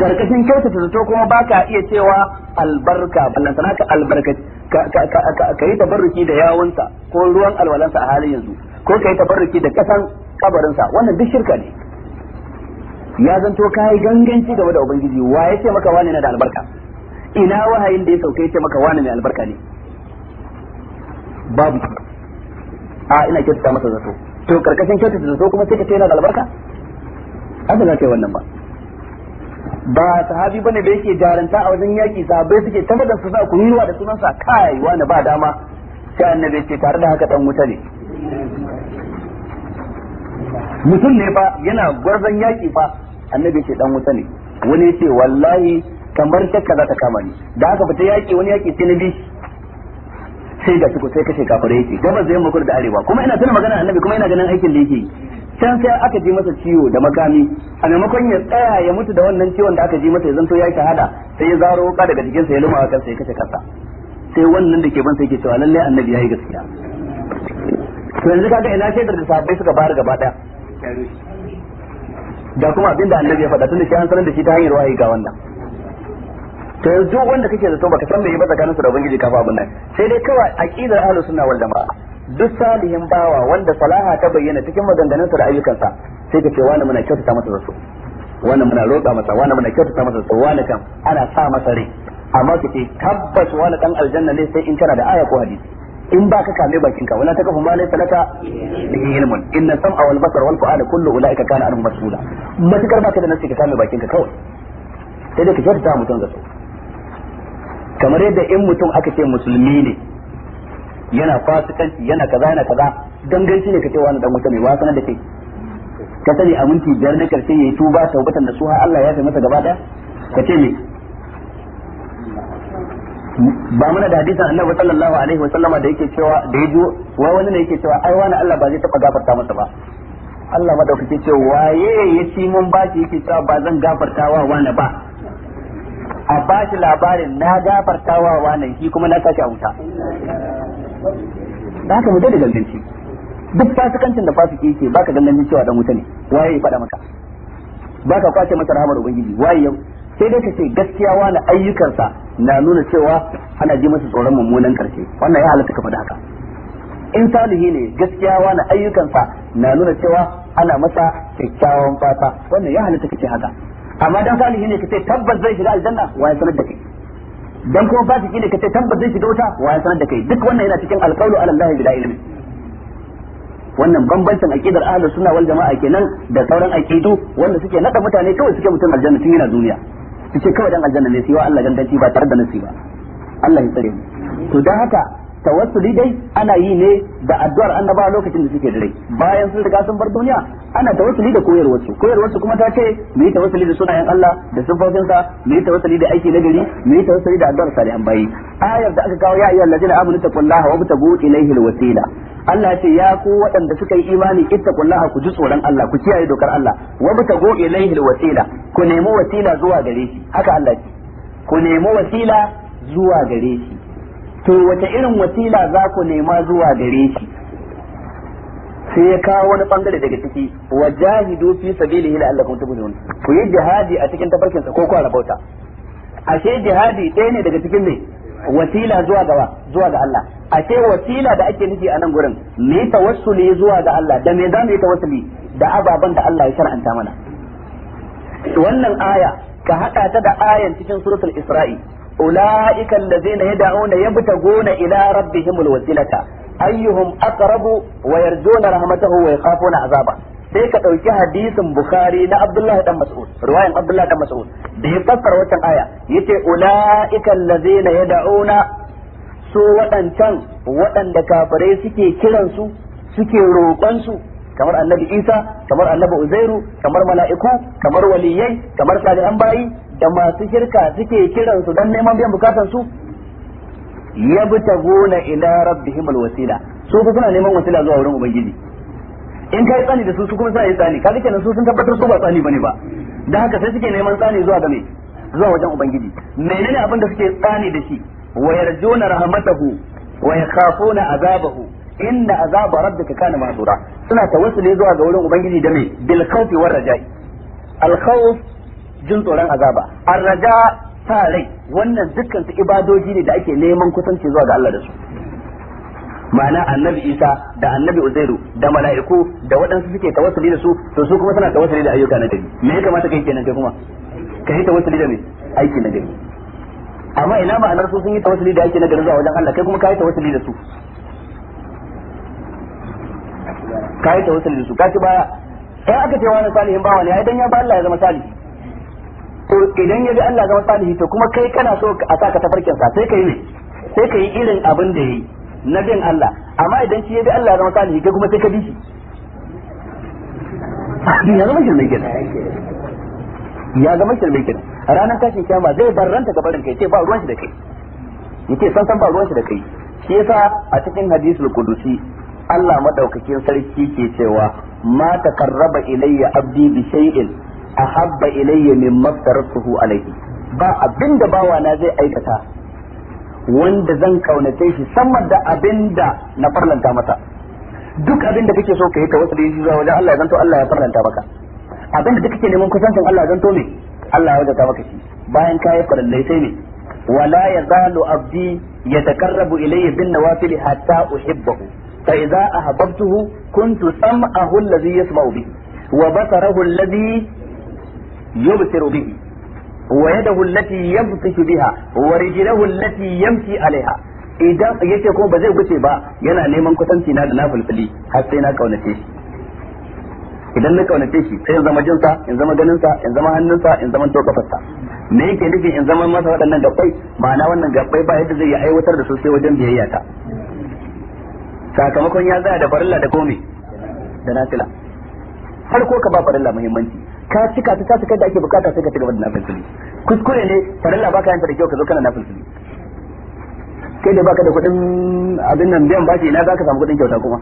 karkashin kyautata zato kuma baka iya cewa albarka ballantana ka albarka ka yi tabarruki da yawunsa ko ruwan alwalansa a halin yanzu ko ka yi tabarruki da kasan kabarinsa wannan duk shirka ne ya zanto ka yi ganganci game da ubangiji wa ya ce maka wani na da albarka ina wahayin da ya sauke ya ce maka wani mai albarka ne babu a ina kyautata masa zato to karkashin kyautata zato kuma sai ka ce da albarka haka za ka yi wannan ba ba sahabi bane da yake jaranta a wajen yaki sahabbai suke tabbatar su sa kunuwa da sa kai wani ba dama sai annabi ce tare da haka dan wuta ne mutum ne fa yana gwarzon yaki fa annabi ce dan wuta ne wani ce wallahi kamar shakka za ta kama ni da haka fita yaki wani yaki sai na bi sai ga tuku sai kashe kafare yake gaba da yamma da arewa kuma ina tana magana annabi kuma ina ganin aikin da yake can sai aka ji masa ciwo da makami a maimakon ya tsaya ya mutu da wannan ciwon da aka ji masa ya zanto ya shahada sai ya zaro ka daga jikinsa ya luma kansa ya kashe kansa sai wannan da ke ban sai ke cewa lallai annabi yayi gaskiya to yanzu kaga ina shaidar da sabai suka bayar gaba daya da kuma abinda annabi ya faɗa tun da shi an sanar da shi ta hanyar wahayi ga wannan to yanzu wanda kake zato baka san me yi ba tsakanin su da ubangiji fa abin nan sai dai kawai aqidar ahlus sunna wal jamaa duk salihin bawa wanda salaha ta bayyana cikin maganganunsa da ayyukansa sai ka ce wani muna kyautata masa da su wani muna roƙa masa wani muna kyautata masa da su wani kan ana sa masa rai amma ka ce tabbas wani dan aljanna ne sai in kana da aya ko hadisi in ba ka kame bakin ka wala takafu ma laysa laka Ni ilmun inna sam'a wal basar wal fu'ada kullu ulaika kana anhu mas'ula matakar baka da nasi ka kame bakin ka kawai sai da ka kyautata mutum da su kamar yadda in mutum aka ce musulmi ne yana fasikanci yana kaza yana kaza danganci ne ka ce wani dan wuta mai wa da kai ka sani a minti biyar na karshe yayi tuba taubatan da suha Allah ya fi masa gaba da ka ce me ba muna da hadisin annabi sallallahu alaihi wa sallama da yake cewa da yaji wai wani ne yake cewa ai wani Allah ba zai taba gafarta masa ba Allah madaukake ce waye ya ci mun ba yake cewa ba zan gafarta wa wani ba a bashi labarin na gafarta wa wannan shi kuma na sashi a wuta da haka mu da ganganci duk fasikancin da fasiki yake ka gangancin cewa dan wuta ne waye ya faɗa maka Ba ka kwace masa rahamar ubangiji waye yau sai dai ka ce gaskiya wani ayyukansa na nuna cewa ana ji masa tsoron mummunan karshe wannan ya halatta ka faɗa haka in salihi ne gaskiya wani ayyukansa na nuna cewa ana masa kyakkyawan fata wannan ya halatta ka ce haka amma dan salihi ne kace tabbas zai shiga aljanna wa ya sanar da kai dan kuma fasiki ne kace tabbas zai shiga wuta wa ya sanar da kai duk wannan yana cikin alqawlu ala allahi bila ilmi wannan bambancin aqidar ahlus sunna wal jamaa kenan da sauran aqidu wanda suke nada mutane kawai suke mutum aljanna tun yana duniya su ce kawai dan aljanna ne sai wa Allah gandanci ba tare da nasi ba Allah ya tsare mu to dan haka tawassuli dai ana yi ne da addu'ar annaba lokacin da suke dare bayan sun riga sun bar duniya ana tawassuli da koyarwar su koyarwar su kuma ta ce mu yi tawassuli da sunayen Allah da sifofin sa mu yi tawassuli da aiki na gari mu yi tawassuli da addu'ar salihan bayi ayar da aka kawo ya ayyuhal ladina amanu taqullaha wabtagu ilayhi alwasila Allah ce ya ku waɗanda suka yi imani ittaqullaha ku ji tsoron Allah ku kiyaye dokar Allah wabtagu ilayhi alwasila ku nemi wasila zuwa gare shi haka Allah ce ku nemi wasila zuwa gare shi to wace irin wasila za ku nema zuwa gare shi sai ya kawo wani bangare daga ciki wa jahidu fi sabilihi la'allakum tuflihun ku yi jihadi a cikin tafarkin sa ko ku rabauta ashe jihadi ɗaya ne daga cikin ne wasila zuwa ga zuwa ga Allah ashe wasila da ake nufi a nan gurin me tawassuli zuwa ga Allah da me za mu yi tawassuli da ababan da Allah ya shar'anta mana wannan aya ka haɗa ta da ayan cikin suratul isra'i أولئك الذين يدعون يبتغون إلى ربهم الوسيلة أيهم أقرب ويرجون رحمته ويخافون عذابه sai ka ɗauki hadisin bukhari na abdullahi dan mas'ud ruwayan abdullahi dan mas'ud da ya fassara wancan aya yace ulaika allazina yad'una su waɗancan waɗanda kafirai suke kiransu suke roƙon su kamar annabi isa kamar annabi uzairu kamar mala'iku kamar waliyai kamar salihan bayi da masu shirka suke kiran su dan neman biyan bukatar su yabtaguna ila rabbihimul wasila su ku suna neman wasila zuwa wurin ubangiji in kai tsani da su su kuma sai tsani kaga kenan su sun tabbatar su ba tsani bane ba dan haka sai suke neman tsani zuwa ga me zuwa wajen ubangiji menene abin da suke tsani da shi wa yarjuna rahmatahu wa yakhafuna azabahu inna azaba rabbika kana mahdura suna tawassuli zuwa ga wurin ubangiji da me bil khawfi war raja'i al khawf jin tsoron azaba ar raja sa rai wannan dukkan su ibadoji ne da ake neman kusanci zuwa ga Allah da su ma'ana annabi Isa da annabi Uzairu da mala'iku da waɗansu suke tawassuli da su to su kuma suna tawassuli da ayyuka na gari me ya kamata kai kenan kai kuma ka yi tawassuli da me aiki na gari amma ina ma'anar su sun yi tawassuli da aiki na gari zuwa wajen Allah kai kuma ka yi tawassuli da su ka yi tawassuli da su ka ci baya sai aka ce wani salihin bawa ne ai idan ya ba Allah ya zama salihi to idan ya bi Allah ya zama salihi to kuma kai kana so a saka tafarkin sa sai kai ne sai kai irin abin da yayi na bin Allah amma idan shi ya bi Allah ya zama salihi kai kuma sai ka bi shi ya zama shirme kenan ya zama shirme kenan ranar tashin kiyama zai barranta ga barin kai sai ba ruwan shi da kai yake san san ba ruwan shi da kai shi yasa a cikin hadisul qudusi Allah madaukakin sarki ke cewa ma takarraba ilayya abdi bi shay'in ahabba ilayya mimma taratuhu alayhi ba abinda bawa na zai aikata wanda zan kaunace shi sama da abinda na farlanta duk abinda kake so ka ka wasu da shi zuwa wajen Allah ya zanto Allah ya farlanta maka abinda duk kake neman kusancin Allah ya zanto ne Allah ya wajata maka shi bayan kayi farallai sai ne wala yazalu abdi yatakarrabu ilayya bin nawafil hatta uhibbahu fa idza ahbabtuhu kuntu sam'ahu alladhi yasma'u bihi wa basarahu alladhi yubsiru bihi wa yadahu allati yabtashu biha wa rijluhu allati yamshi alaiha idan yake kuma ba zai guce ba yana neman kusanci na da na fulfuli har sai na kaunace shi idan na kaunace shi sai in zama jinsa in zama ganinsa in zama hannunsa in zama tokafarsa me yake nufi in zama masa waɗannan gabbai ma'ana wannan gabbai ba yadda zai yi aiwatar da su sai wajen biyayya ta sakamakon ya zaya da farilla da kome da nafila har ko ka ba farilla muhimmanci ka cika ta cika da ake bukata sai ka cika da nafilfili kuskure ne farilla baka yanta da kyau ka zo kana nafilfili kai da baka da kuɗin abin nan biyan bashi ina zaka samu kuɗin kyauta kuma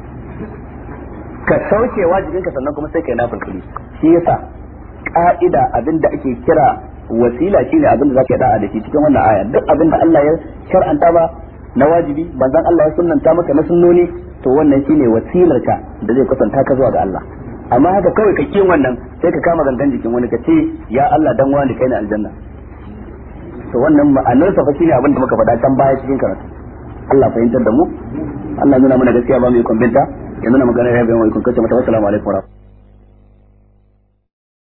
ka sauke wajibin ka sannan kuma sai kai nafilfili shi yasa ka'ida abin da ake kira wasila shine abin da zaka yi da'a da shi cikin wannan aya duk abin da Allah ya shar'anta ba na wajibi banzan Allah ya sunnanta maka na sunnoni to wannan shine wasilar ka da zai kusanta ka zuwa ga Allah amma haka kawai ka kiyin wannan sai ka kama gangan jikin wani ka ce ya Allah dan wani kai na aljanna to wannan ma'anar sa fa shine abin da muka faɗa can baya cikin karatu Allah fahimtar da mu Allah nuna mana gaskiya ba mu yi kwambinta ya nuna magana ya bayan wa ikon kace mata assalamu alaikum